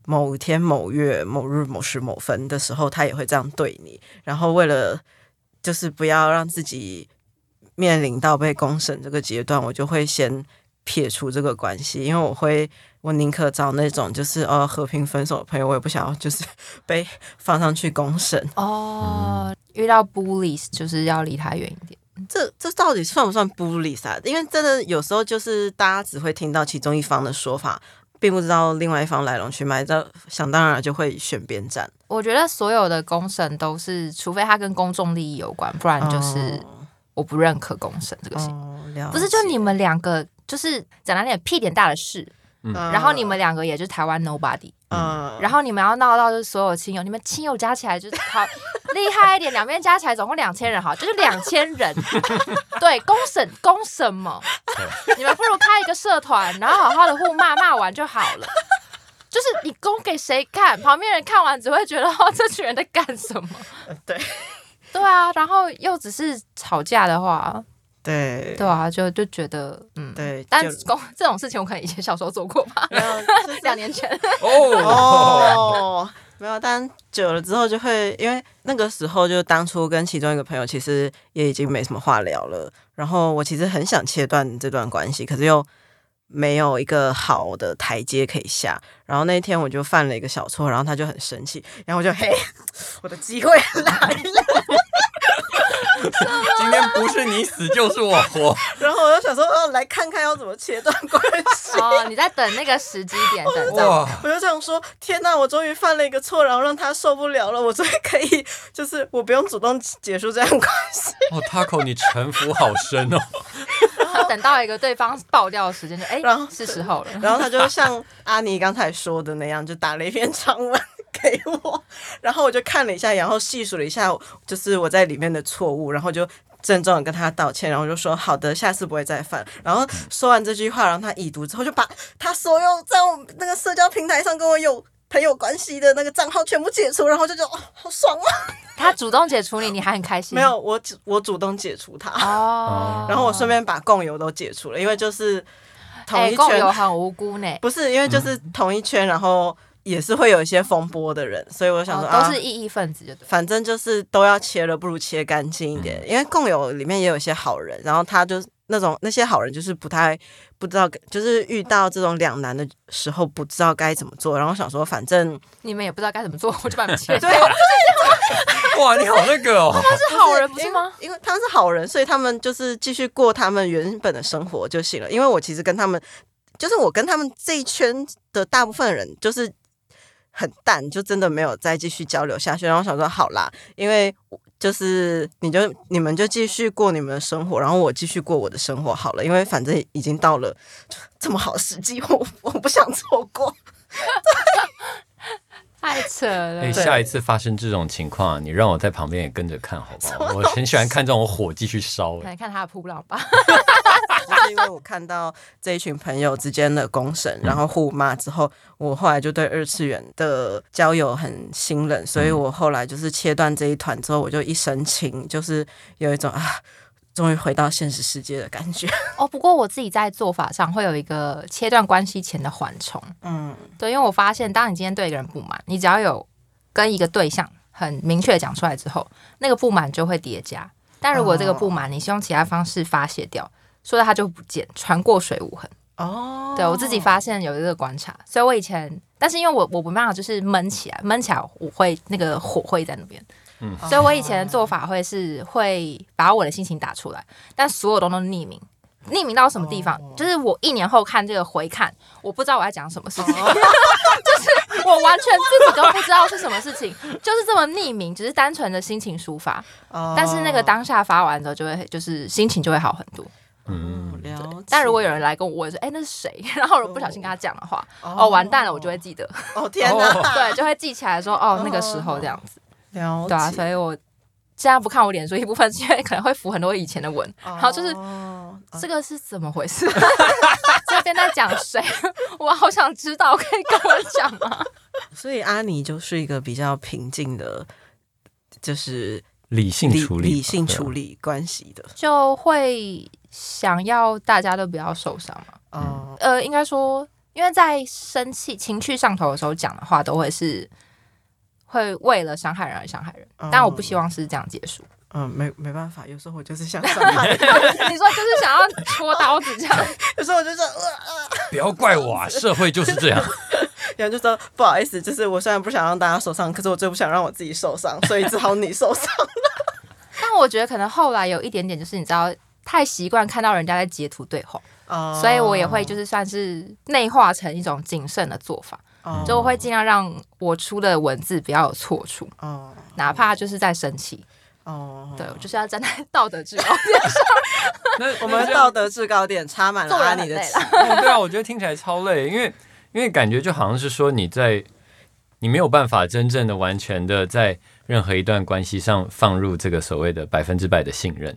某天某月某日某時某分的時候，他也會這樣對你。然後為了就是不要讓自己面臨到被公審這個階段，我就會先撇除這個關係。因為我會，我寧可找那種就是呃、哦、和平分手的朋友，我也不想要就是被放上去公審。哦，oh, 遇到 bullies 就是要離他遠一點。這這到底算不算 bullies 啊？因為真的有時候就是大家只會聽到其中一方的說法。並不知道另外一方來龍去脈，這想當然就會選邊站。我覺得所有的公審都是，除非它跟公眾利益有關，不然就是我不認可公審、哦、這個事情、哦、不是，就你們兩個就是講了點屁點大的事，嗯哦、然後你們兩個也就台灣 nobody。嗯，然後你們要鬧到就是所有親友，你們親友加起來就是好厲害一點，兩邊加起來總共兩千人，好，就是兩千人， [LAUGHS] 對，公審公什麼？ [LAUGHS] 你們不如開一個社團，然後好好的互罵，罵完就好了。就是你公給誰看？旁邊人看完只會覺得哦，這群人在幹什麼？ [LAUGHS] 對，對啊，然後又只是吵架的話。對對啊，就就覺得嗯，對。但這種事情，我可能以前小時候做過吧，兩、就是、 [LAUGHS] 年前。哦，沒有。但久了之後，就會因為那個時候，就當初跟其中一個朋友，其實也已經沒什麼話聊了。然後我其實很想切斷這段關係，可是又沒有一個好的台階可以下。然後那一天我就犯了一個小錯，然後他就很生氣。然後我就嘿，我的機會來了。 [LAUGHS] 今天不是你死就是我活。 [LAUGHS] 然後我就想說，哦，來看看要怎麼切斷關係。哦，你在等那個時機點，等 [LAUGHS] 我這。哇我就這樣說，天哪、啊，我終於犯了一個錯，然後讓他受不了了，我終於可以，就是我不用主動結束這樣關係。 [LAUGHS] 哦，Taco，你城府好深哦。 [LAUGHS] 後等到一個對方爆掉的時間，就、欸、哎，然後是時候了。 [LAUGHS] 然後他就像阿妮剛才說的那樣，就打了一篇長文。給我，然後我就看了一下，然後細數了一下，就是我在裡面的錯誤，然後就鄭重的跟他道歉，然後就說好的，下次不會再犯。然後說完這句話，然後他已讀之後，就把他所有在我那個社交平台上跟我有朋友關係的那個賬號全部解除，然後就覺得哦，好爽啊！他主動解除你，你還很開心？沒有，我我主動解除他哦，然後我順便把共友都解除了，因為就是同一圈，欸、共友很無辜呢。不是，因為就是同一圈，然後。也是會有一些風波的人，所以我想說，都是異議分子就對。反正就是都要切了，不如切乾淨一點。因為共有裡面也有一些好人，然後他就是那種那些好人，就是不太不知道，就是遇到這種兩難的時候，不知道該怎麼做。然後想說，反正你們也不知道該怎麼做，我就把你切了。對，哇，你好那個哦，他們是好人，不是嗎？因為他們是好人，所以他們就是繼續過他們原本的生活就行了。因為我其實跟他們，就是我跟他們這一圈的大部分人，就是。很淡，就真的沒有再繼續交流下去。然後我想說好啦，因為就是你就你們就繼續過你們的生活，然後我繼續過我的生活好了。因為反正已經到了這麼好的時機，我我不想錯過。 [LAUGHS] 太扯了！欸、對下一次發生這種情況，你讓我在旁邊也跟着看好不好？我很喜歡看這種火繼續燒，來看他撲不了吧。 [LAUGHS] 因為我看到這一群朋友之間的公審，然後互罵之後，我後來就對二次元的交友很心冷，所以我後來就是切斷這一團之後，我就一身輕，就是有一種啊，終於回到現實世界的感覺。哦，不過我自己在做法上會有一個切斷關係前的緩衝。嗯，對，因為我發現，當你今天對一個人不滿，你只要有跟一個對象很明確講出來之後，那個不滿就會疊加。但如果這個不滿你是用其他方式發泄掉。說到它就不見，船過水無痕。哦、oh.，對我自己發現有一個觀察，所以我以前，但是因為我我不那樣，就是悶起來，悶起來我會那個火會在那邊。Mm. Oh. 所以我以前做法會是會把我的心情打出來，但所有東東匿名，匿名到什麼地方？Oh. 就是我一年後看這個回看，我不知道我要講什麼事情，oh. [LAUGHS] 就是我完全自己都不知道是什麼事情，就是這麼匿名，只，就是單純的心情抒發。Oh. 但是那個當下發完之後，就會就是心情就會好很多。嗯，對。但如果有人來跟我，問，說：“哎、欸，那是誰？”然後我不小心跟他講的話，哦，哦，完蛋了，我就會記得。哦天吶， [LAUGHS] 對，就會記起來說：“哦，那個時候這樣子。哦”了解對啊，所以我現在不看我臉書，一部分是因為可能會浮很多以前的文，好、哦，就是、哦、這個是怎麼回事？哦、 [LAUGHS] 這邊在講誰？ [LAUGHS] 我好想知道，可以跟我講嗎？所以阿妮就是一個比較平靜的，就是理，理性處理，理、理性處理關係的、啊啊，就會。想要大家都不要受傷嘛？嗯，uh, 呃，應該說，因為在生氣、情緒上頭的時候講的話，都會是會為了傷害人而傷害人。Uh, 但我不希望是這樣結束。嗯、uh,，沒沒辦法，有時候我就是想傷害人， [LAUGHS] [LAUGHS] 你說就是想要戳刀子這樣。 [LAUGHS] 有時候我就說，啊啊、不要怪我、啊，社會就是這樣。然後 [LAUGHS] 就說不好意思，就是我雖然不想讓大家受傷，可是我最不想讓我自己受傷，所以只好你受傷了。 [LAUGHS] [LAUGHS] 但我覺得可能後來有一點點，就是你知道。太習慣看到人家在截圖對話，oh, 所以我也會就是算是內化成一種謹慎的做法，oh, 就我會盡量讓我出的文字不要有錯處，oh, 哪怕就是在生氣，oh, 對，我就是要站在道德制高點上。 [LAUGHS] 那我們那道德制高點插滿了、啊、你的詞、 [LAUGHS] 哦，對啊，我覺得聽起來超累，因為因為感覺就好像是說你在你沒有辦法真正的、完全的在任何一段關係上放入這個所謂的百分之百的信任。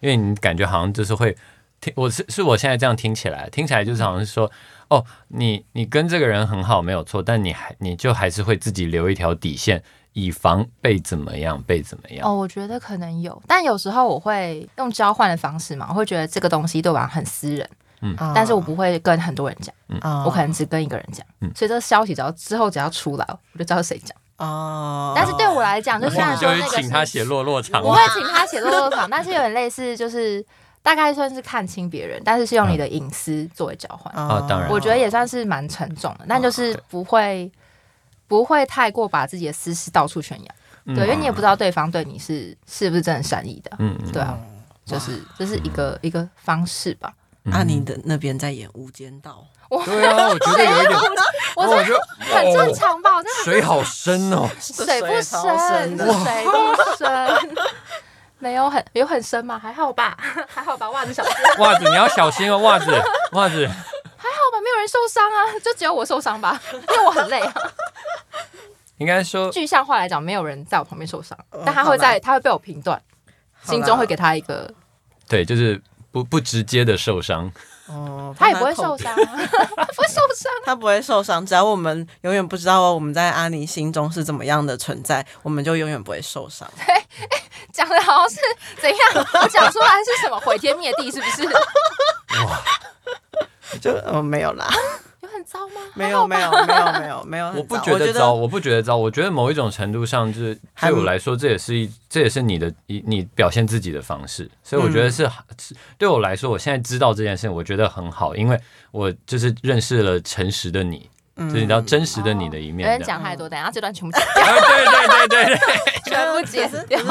因為你感覺好像就是會聽，我是是我現在這樣聽起來，聽起來就是好像是說，哦，你你跟這個人很好沒有錯，但你還你就還是會自己留一條底線，以防被怎麼樣被怎麼樣。哦，我覺得可能有，但有時候我會用交換的方式嘛，我會覺得這個東西對我很私人，嗯，但是我不會跟很多人講，嗯，我可能只跟一個人講，嗯，所以這個消息只要之後只要出來，我就知道是誰講。哦，但是對我來講，就雖然說那個是，我會請他寫落落場，我會請他寫落落場，但是有點類似，就是大概算是看清別人，但是是用你的隱私作為交換，哦。哦，當然，我覺得也算是蠻沉重的，那就是不會不會太過把自己的私事到處宣揚，對，因為你也不知道對方對你是是不是真的善意的，嗯，嗯對啊，就是這、就是一個、嗯、一個方式吧。阿寧、啊、的那邊在演《無間道》，嗯，對啊，我覺得有一點，我覺得很正常吧。水好深哦，水不深，是水不深，沒有很有很深嗎？還好吧，還好吧。襪子小心，襪子你要小心哦、喔，襪子，襪子，子，子還好吧，沒有人受傷啊，就只有我受傷吧，因為我很累、啊。應該說，具象化來講，沒有人在我旁邊受傷，但他會在，他會被我評斷，心中會給他一個對，就是。不不直接的受傷，哦，他也不會受傷 [LAUGHS] 他不會受傷， [LAUGHS] 他不會受傷。 [LAUGHS] 只要我們永遠不知道我們在阿尼心中是怎麼樣的存在，我們就永遠不會受傷。對，哎，講、欸、的好像是怎樣？我講出來是什麼毀 [LAUGHS] 天滅地，是不是？ [LAUGHS] [LAUGHS] [LAUGHS] 我就嗯、呃，沒有啦。有很糟嗎？沒有沒有沒有沒有沒有，我不覺得糟，我不覺得糟，我覺得某一種程度上，就是對我來說，這也是一，這也是你的，一你表現自己的方式，所以我覺得是，嗯、對我來說，我現在知道這件事情，我覺得很好，因為我就是認識了誠實的你，嗯，就是你知道真實的你的一面。別講太多，等下這段全部講掉。對對對對對， [LAUGHS] 全部剪掉。 [LAUGHS]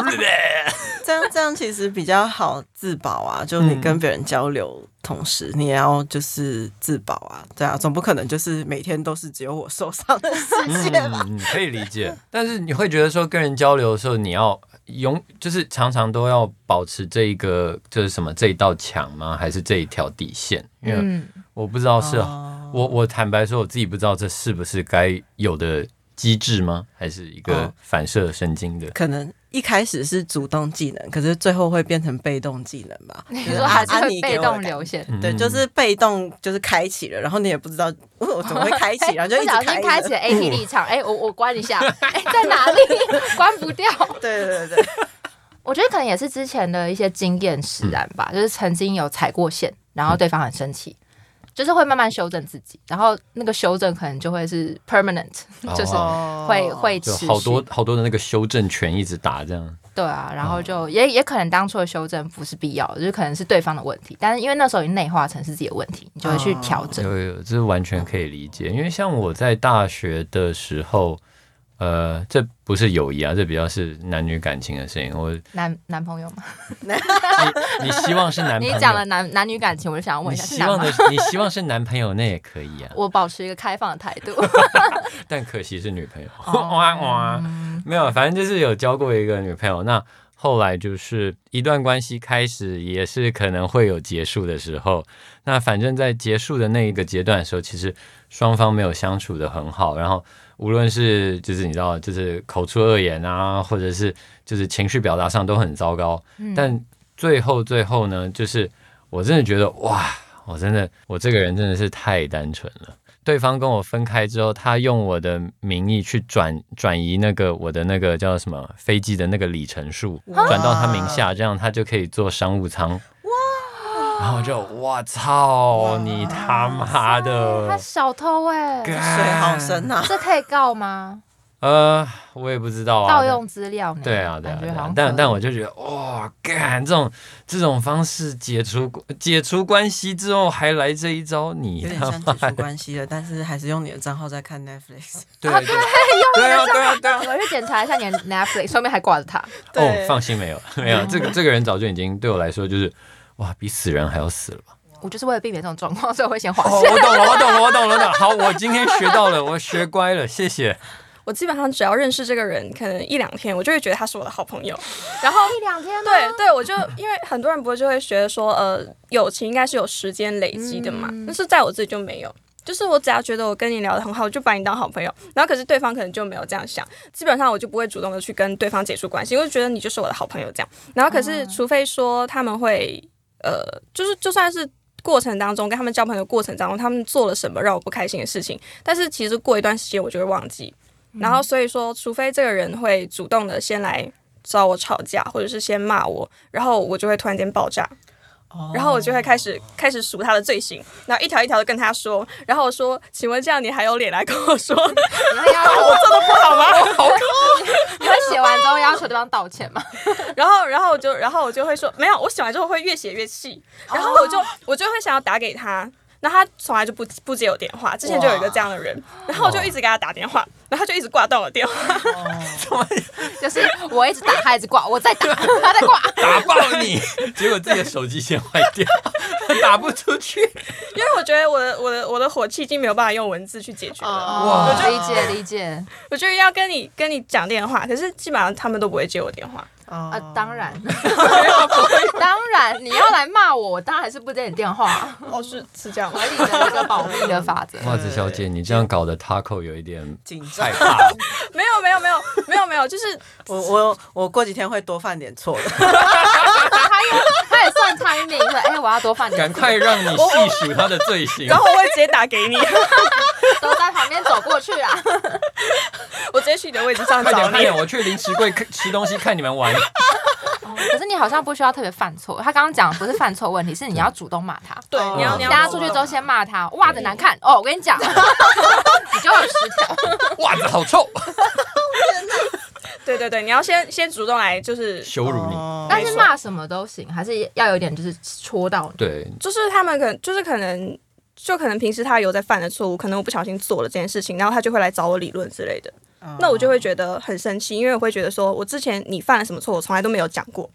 這樣這樣其實比較好自保啊，就你跟別人交流。嗯同時，你要就是自保啊，對啊，總不可能就是每天都是只有我受傷的事情。吧、嗯？你可以理解，對但是你會覺得說，跟人交流的時候，你要永就是常常都要保持這一個就是什麼這一道牆嗎？還是這一條底線？因為我不知道是，嗯、我我坦白說，我自己不知道這是不是該有的。機制嗎？還是一個反射神經的？可能一開始是主動技能，可是最後會變成被動技能吧？你說還是你被動留線？對，就是被動，就是開啟了，然後你也不知道，我怎麼會開啟？然後就一打開，開啟 AT 立場，哎，我我關一下，在哪裡關不掉？對對對對，我覺得可能也是之前的一些經驗使然吧，就是曾經有踩過線，然後對方很生氣。就是會慢慢修正自己，然後那個修正可能就會是 permanent、哦啊、 [LAUGHS] 就是會、哦、會持續就好多好多的那個修正權一直打這樣。對啊，然後就也、哦、也可能當初的修正不是必要，就是，可能是對方的問題，但是因為那時候你內化成是自己的問題，你就會去調整，哦、有有，這是完全可以理解。因為像我在大學的時候。呃，這不是友誼啊，這比較是男女感情的事情。我男男朋友嘛， [LAUGHS] 你你希望是男朋友？你講了男男女感情，我就想問一下，希望的是你希望是男朋友，那也可以啊。我保持一個開放的態度， [LAUGHS] [LAUGHS] 但可惜是女朋友。哇哇，沒有，反正就是有交過一個女朋友那。後來就是一段關係開始，也是可能會有結束的時候。那反正，在結束的那一個階段的時候，其實雙方沒有相處得很好。然後，無論是就是你知道，就是口出惡言啊，或者是就是情緒表達上都很糟糕。嗯。但最後，最後呢，就是我真的覺得，哇，我真的，我這個人真的是太單純了。對方跟我分開之後，他用我的名義去轉轉移那個我的那個叫什麼飛機的那個里程數，哇轉到他名下，這樣他就可以坐商務艙。哇！然後就我操，哇你他媽的！他小偷哎、欸！跟水好深啊，這可以告嗎？呃，我也不知道啊。盜用資料，對，對啊，對啊對，但但我就覺得，哇、哦，幹這種這種方式解除解除關係之後，還來這一招。你，你有點像解除關係了，但是還是用你的賬號在看 Netflix。 [LAUGHS] 對對，對啊，對啊，對啊。啊啊啊、我去檢查一下你的 Netflix，上面還掛着他。對哦，放心，沒有，沒有。嗯、這個這個人早就已經對我來說就是，哇，比死人還要死了。我就是為了避免這種狀況，所以我會先劃掉、哦。我懂了，我懂了，我懂了，我懂，我懂，我懂。好，我今天學到了，我學乖了，謝謝。我基本上只要認識這個人，可能一兩天，我就會覺得他是我的好朋友。然後 [LAUGHS] 一兩天？對對，我就因為很多人不會就會覺得說，呃，友情應該是有時間累積的嘛。嗯、但是在我自己就沒有，就是我只要覺得我跟你聊得很好，就把你當好朋友。然後可是對方可能就沒有這樣想，基本上我就不會主動的去跟對方結束關係，我就覺得你就是我的好朋友這樣。然後可是，除非說他們會，呃，就是就算是過程當中跟他們交朋友過程當中，他們做了什麼讓我不開心的事情，但是其實過一段時間我就會忘記。然後所以說，除非這個人會主動的先來找我吵架，或者是先罵我，然後我就會突然間爆炸，oh. 然後我就會開始開始數他的罪行，然後一條一條的跟他說，然後我說，請問這樣你還有臉來跟我說，我做的不好嗎？你會寫完之後要求對方道歉嗎？ [LAUGHS] 然後，然後我就，然後我就會說，沒有，我寫完之後會越寫越氣，然後我就、oh. 我就會想要打給他，那他從來就不不接我電話。之前就有一個這樣的人，Wow. 然後我就一直給他打電話。他就一直掛斷我電話，oh, [LAUGHS] 就是我一直打，他一直掛，我再打，他在掛， [LAUGHS] 打爆你！結果自己的手機先壞掉，對 [LAUGHS] 打不出去。因為我覺得我的我的我的火氣已經沒有辦法用文字去解決了。我就理解理解，理解我就要跟你跟你講電話，可是基本上他們都不會接我電話。啊、呃，當然， [LAUGHS] 當然，你要來罵我，我當然還是不接你電話、啊。哦，是是這樣，懷裡的那個保密的法則。襪子小姐， [LAUGHS] [LAUGHS] 你這樣搞得 Taco 有一點緊張，沒有沒有沒有沒有沒有，就是我我我過幾天會多犯點錯的 [LAUGHS] 、啊。他也他也算差一了，因為哎，我要多犯點。趕快讓你細數他的罪行， [LAUGHS] [LAUGHS] 然後我會直接打給你， [LAUGHS] [LAUGHS] 都在旁邊走過去啊。 [LAUGHS] [LAUGHS] 我直接去你的位置上找你。快點快點，我去零食櫃吃東西看你們玩。可是你好像不需要特別犯錯，他剛剛講不是犯錯問題，是你要主動罵他。對，大家出去之後先罵他，襪子難看哦。我跟你講，你就會失調，襪子好臭。對對對，你要先先主動來就是羞辱你，但是罵什麼都行，還是要有點就是戳到你。對，就是他們可能就是可能就可能平時他有在犯的錯誤，可能我不小心做了這件事情，然後他就會來找我理論之類的。那我就會覺得很生氣，因為我會覺得說，我之前你犯了什麼錯，我從來都沒有講過，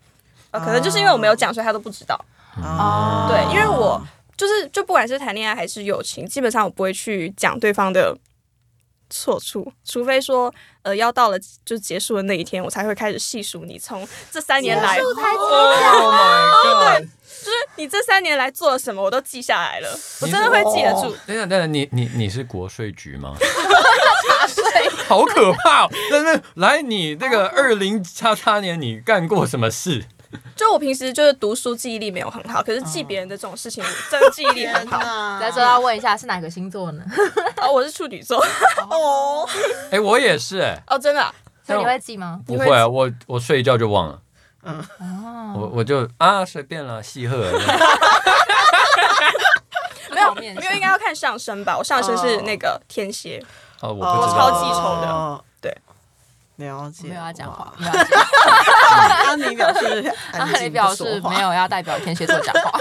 呃、可能就是因為我沒有講，所以他都不知道。哦，oh. 對，因為我就是就不管是談戀愛還是友情，基本上我不會去講對方的錯處，除非說，呃，要到了就結束的那一天，我才會開始細數你從這三年來。Oh my God. 就是你這三年來做了什麼，我都記下來了。你我真的會記得住。哦、等等，你你你是國稅局嗎？查稅 [LAUGHS] 對，好可怕，喔！來，你那個二零叉叉年，你幹過什麼事、哦？就我平時就是讀書，記憶力沒有很好，可是記別人的這種事情，真的記憶力很 [LAUGHS] 好。來，說要問一下是哪個星座呢？ [LAUGHS] 哦，我是處女座。哦、哎、欸，我也是，欸。哎，哦，真的、啊，樣所以你會記嗎？不會、啊、會，我我睡一覺就忘了。嗯，我我就啊隨便了，戲和而已。沒有沒有，應該要看上升吧。我上升是那個天蠍，我超記仇的。對，了解。沒有要講話。當你表示，當你表示沒有要代表天蠍座講話，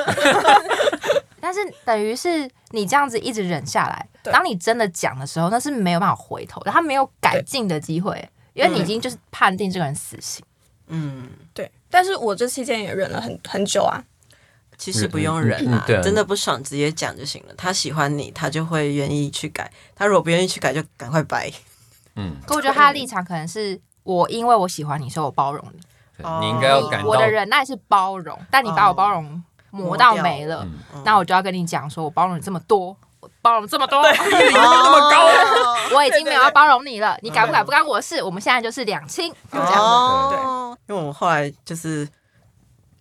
但是等於是你這樣子一直忍下來，當你真的講的時候，那是沒有辦法回頭，他沒有改進的機會，因為你已經就是判定這個人死刑。嗯，對，但是我這期間也忍了很很久啊。其實不用忍啦、啊，嗯嗯啊、真的不爽直接講就行了。他喜歡你，他就會願意去改。他如果不願意去改，就趕快掰。嗯，可我覺得他的立場可能是我因為我喜歡你，所以我包容你。對，你應該要感謝，我的忍耐是包容，但你把我包容磨到沒了，嗯、那我就要跟你講說，說我包容你這麼多，包容這麼多，那對、哦、麼高，我已經沒有要包容你了。對對對，你敢不敢不干我的事？嗯、我們現在就是兩清，嗯、哦，這樣子。對，因為我們後來就是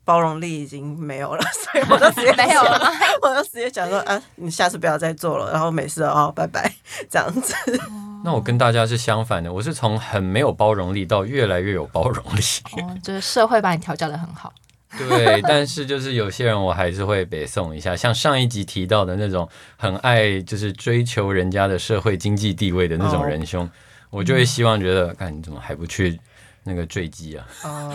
包容力已經沒有了，所以我就直接 [LAUGHS] 沒有了嗎，我就直接講說啊，你下次不要再做了。然後沒事了哦，拜拜，這樣子。哦、 [LAUGHS] 那我跟大家是相反的，我是從很沒有包容力到越來越有包容力。哦、就是社會把你調教得很好。 [LAUGHS] 對，但是就是有些人，我還是會北宋一下。像上一集提到的那種很愛就是追求人家的社會經濟地位的那種仁兄，oh, okay. 我就會希望覺得，看、mm hmm. 你怎麼還不去？那個墜機啊！哦，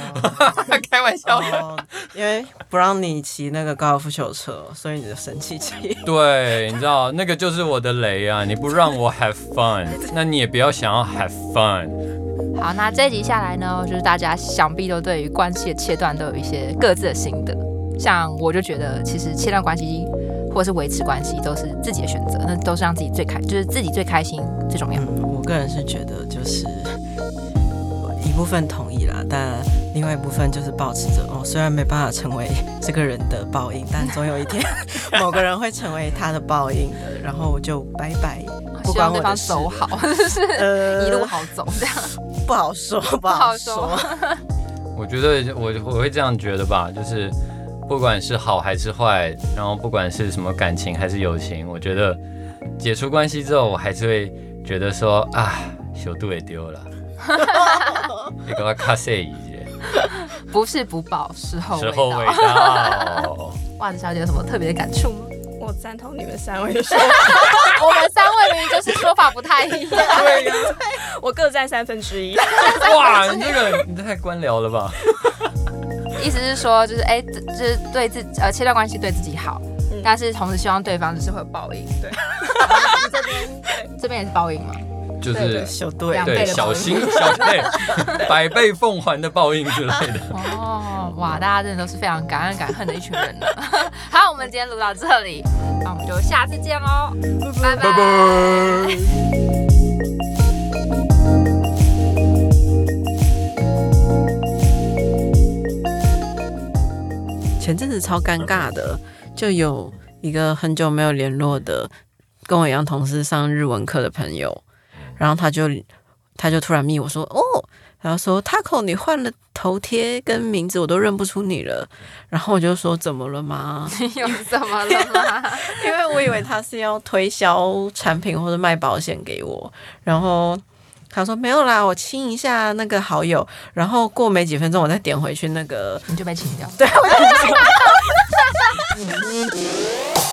開玩笑，uh, [LAUGHS] 因為不讓你騎那個高爾夫球車，所以你就生氣氣。對， [LAUGHS] 你知道，那個就是我的雷啊！你不讓我 have fun， [LAUGHS] 那你也不要想要 have fun。好，那這一集下來呢，就是大家想必都對於關係的切斷都有一些各自的心得。像我就覺得，其實切斷關係或是維持關係都是自己的選擇，那都是讓自己最開，就是自己最開心，最重要。嗯，我個人是覺得就是。一部分同意啦，但另外一部分就是保持着哦，雖然沒辦法成為這個人的報應，但總有一天 [LAUGHS] 某個人會成為他的報應的， [LAUGHS] 然後我就拜拜，不管我的手、啊、好，就是呃一路好走、呃、這樣。不好說，不好說。不好說我覺得我我會這樣覺得吧，就是不管是好還是壞，然後不管是什麼感情還是友情，我覺得解除關係之後，我還是會覺得說啊，小度也丟了。你剛剛看誰一經？不是不報，時候時候未到。哇，小姐有什麼特別的感觸嗎？我贊同你們三位說，我們三位明明就是說法不太一樣。對呀，我各佔三分之一。哇，你這個你這太官僚了吧？意思是說，就是哎，就是對自呃切斷關係對自己好，但是同時希望對方就是會有報應。對，這邊這邊也是報應嗎？就是小對，對，對，小心小貝， [LAUGHS] 百倍奉還的報應之類的。哦，哇，大家真的都是非常敢愛、敢恨的一群人了。 [LAUGHS] 好，我們今天錄到這裡，那我們就下次見嘍， [MUSIC] 拜拜。前陣子超尷尬的，就有一個很久沒有聯絡的，跟我一樣，同事上日文課的朋友。然後他就他就突然密我說哦，然後說 Taco 你換了頭貼跟名字我都認不出你了。然後我就說，怎麼了嗎？有怎麼了嗎？ [LAUGHS] 因為我以為他是要推銷產品或者賣保險給我。然後他說沒有啦，我清一下那個好友。然後過沒幾分鐘我再點回去那個你就被清掉。對，我就被清。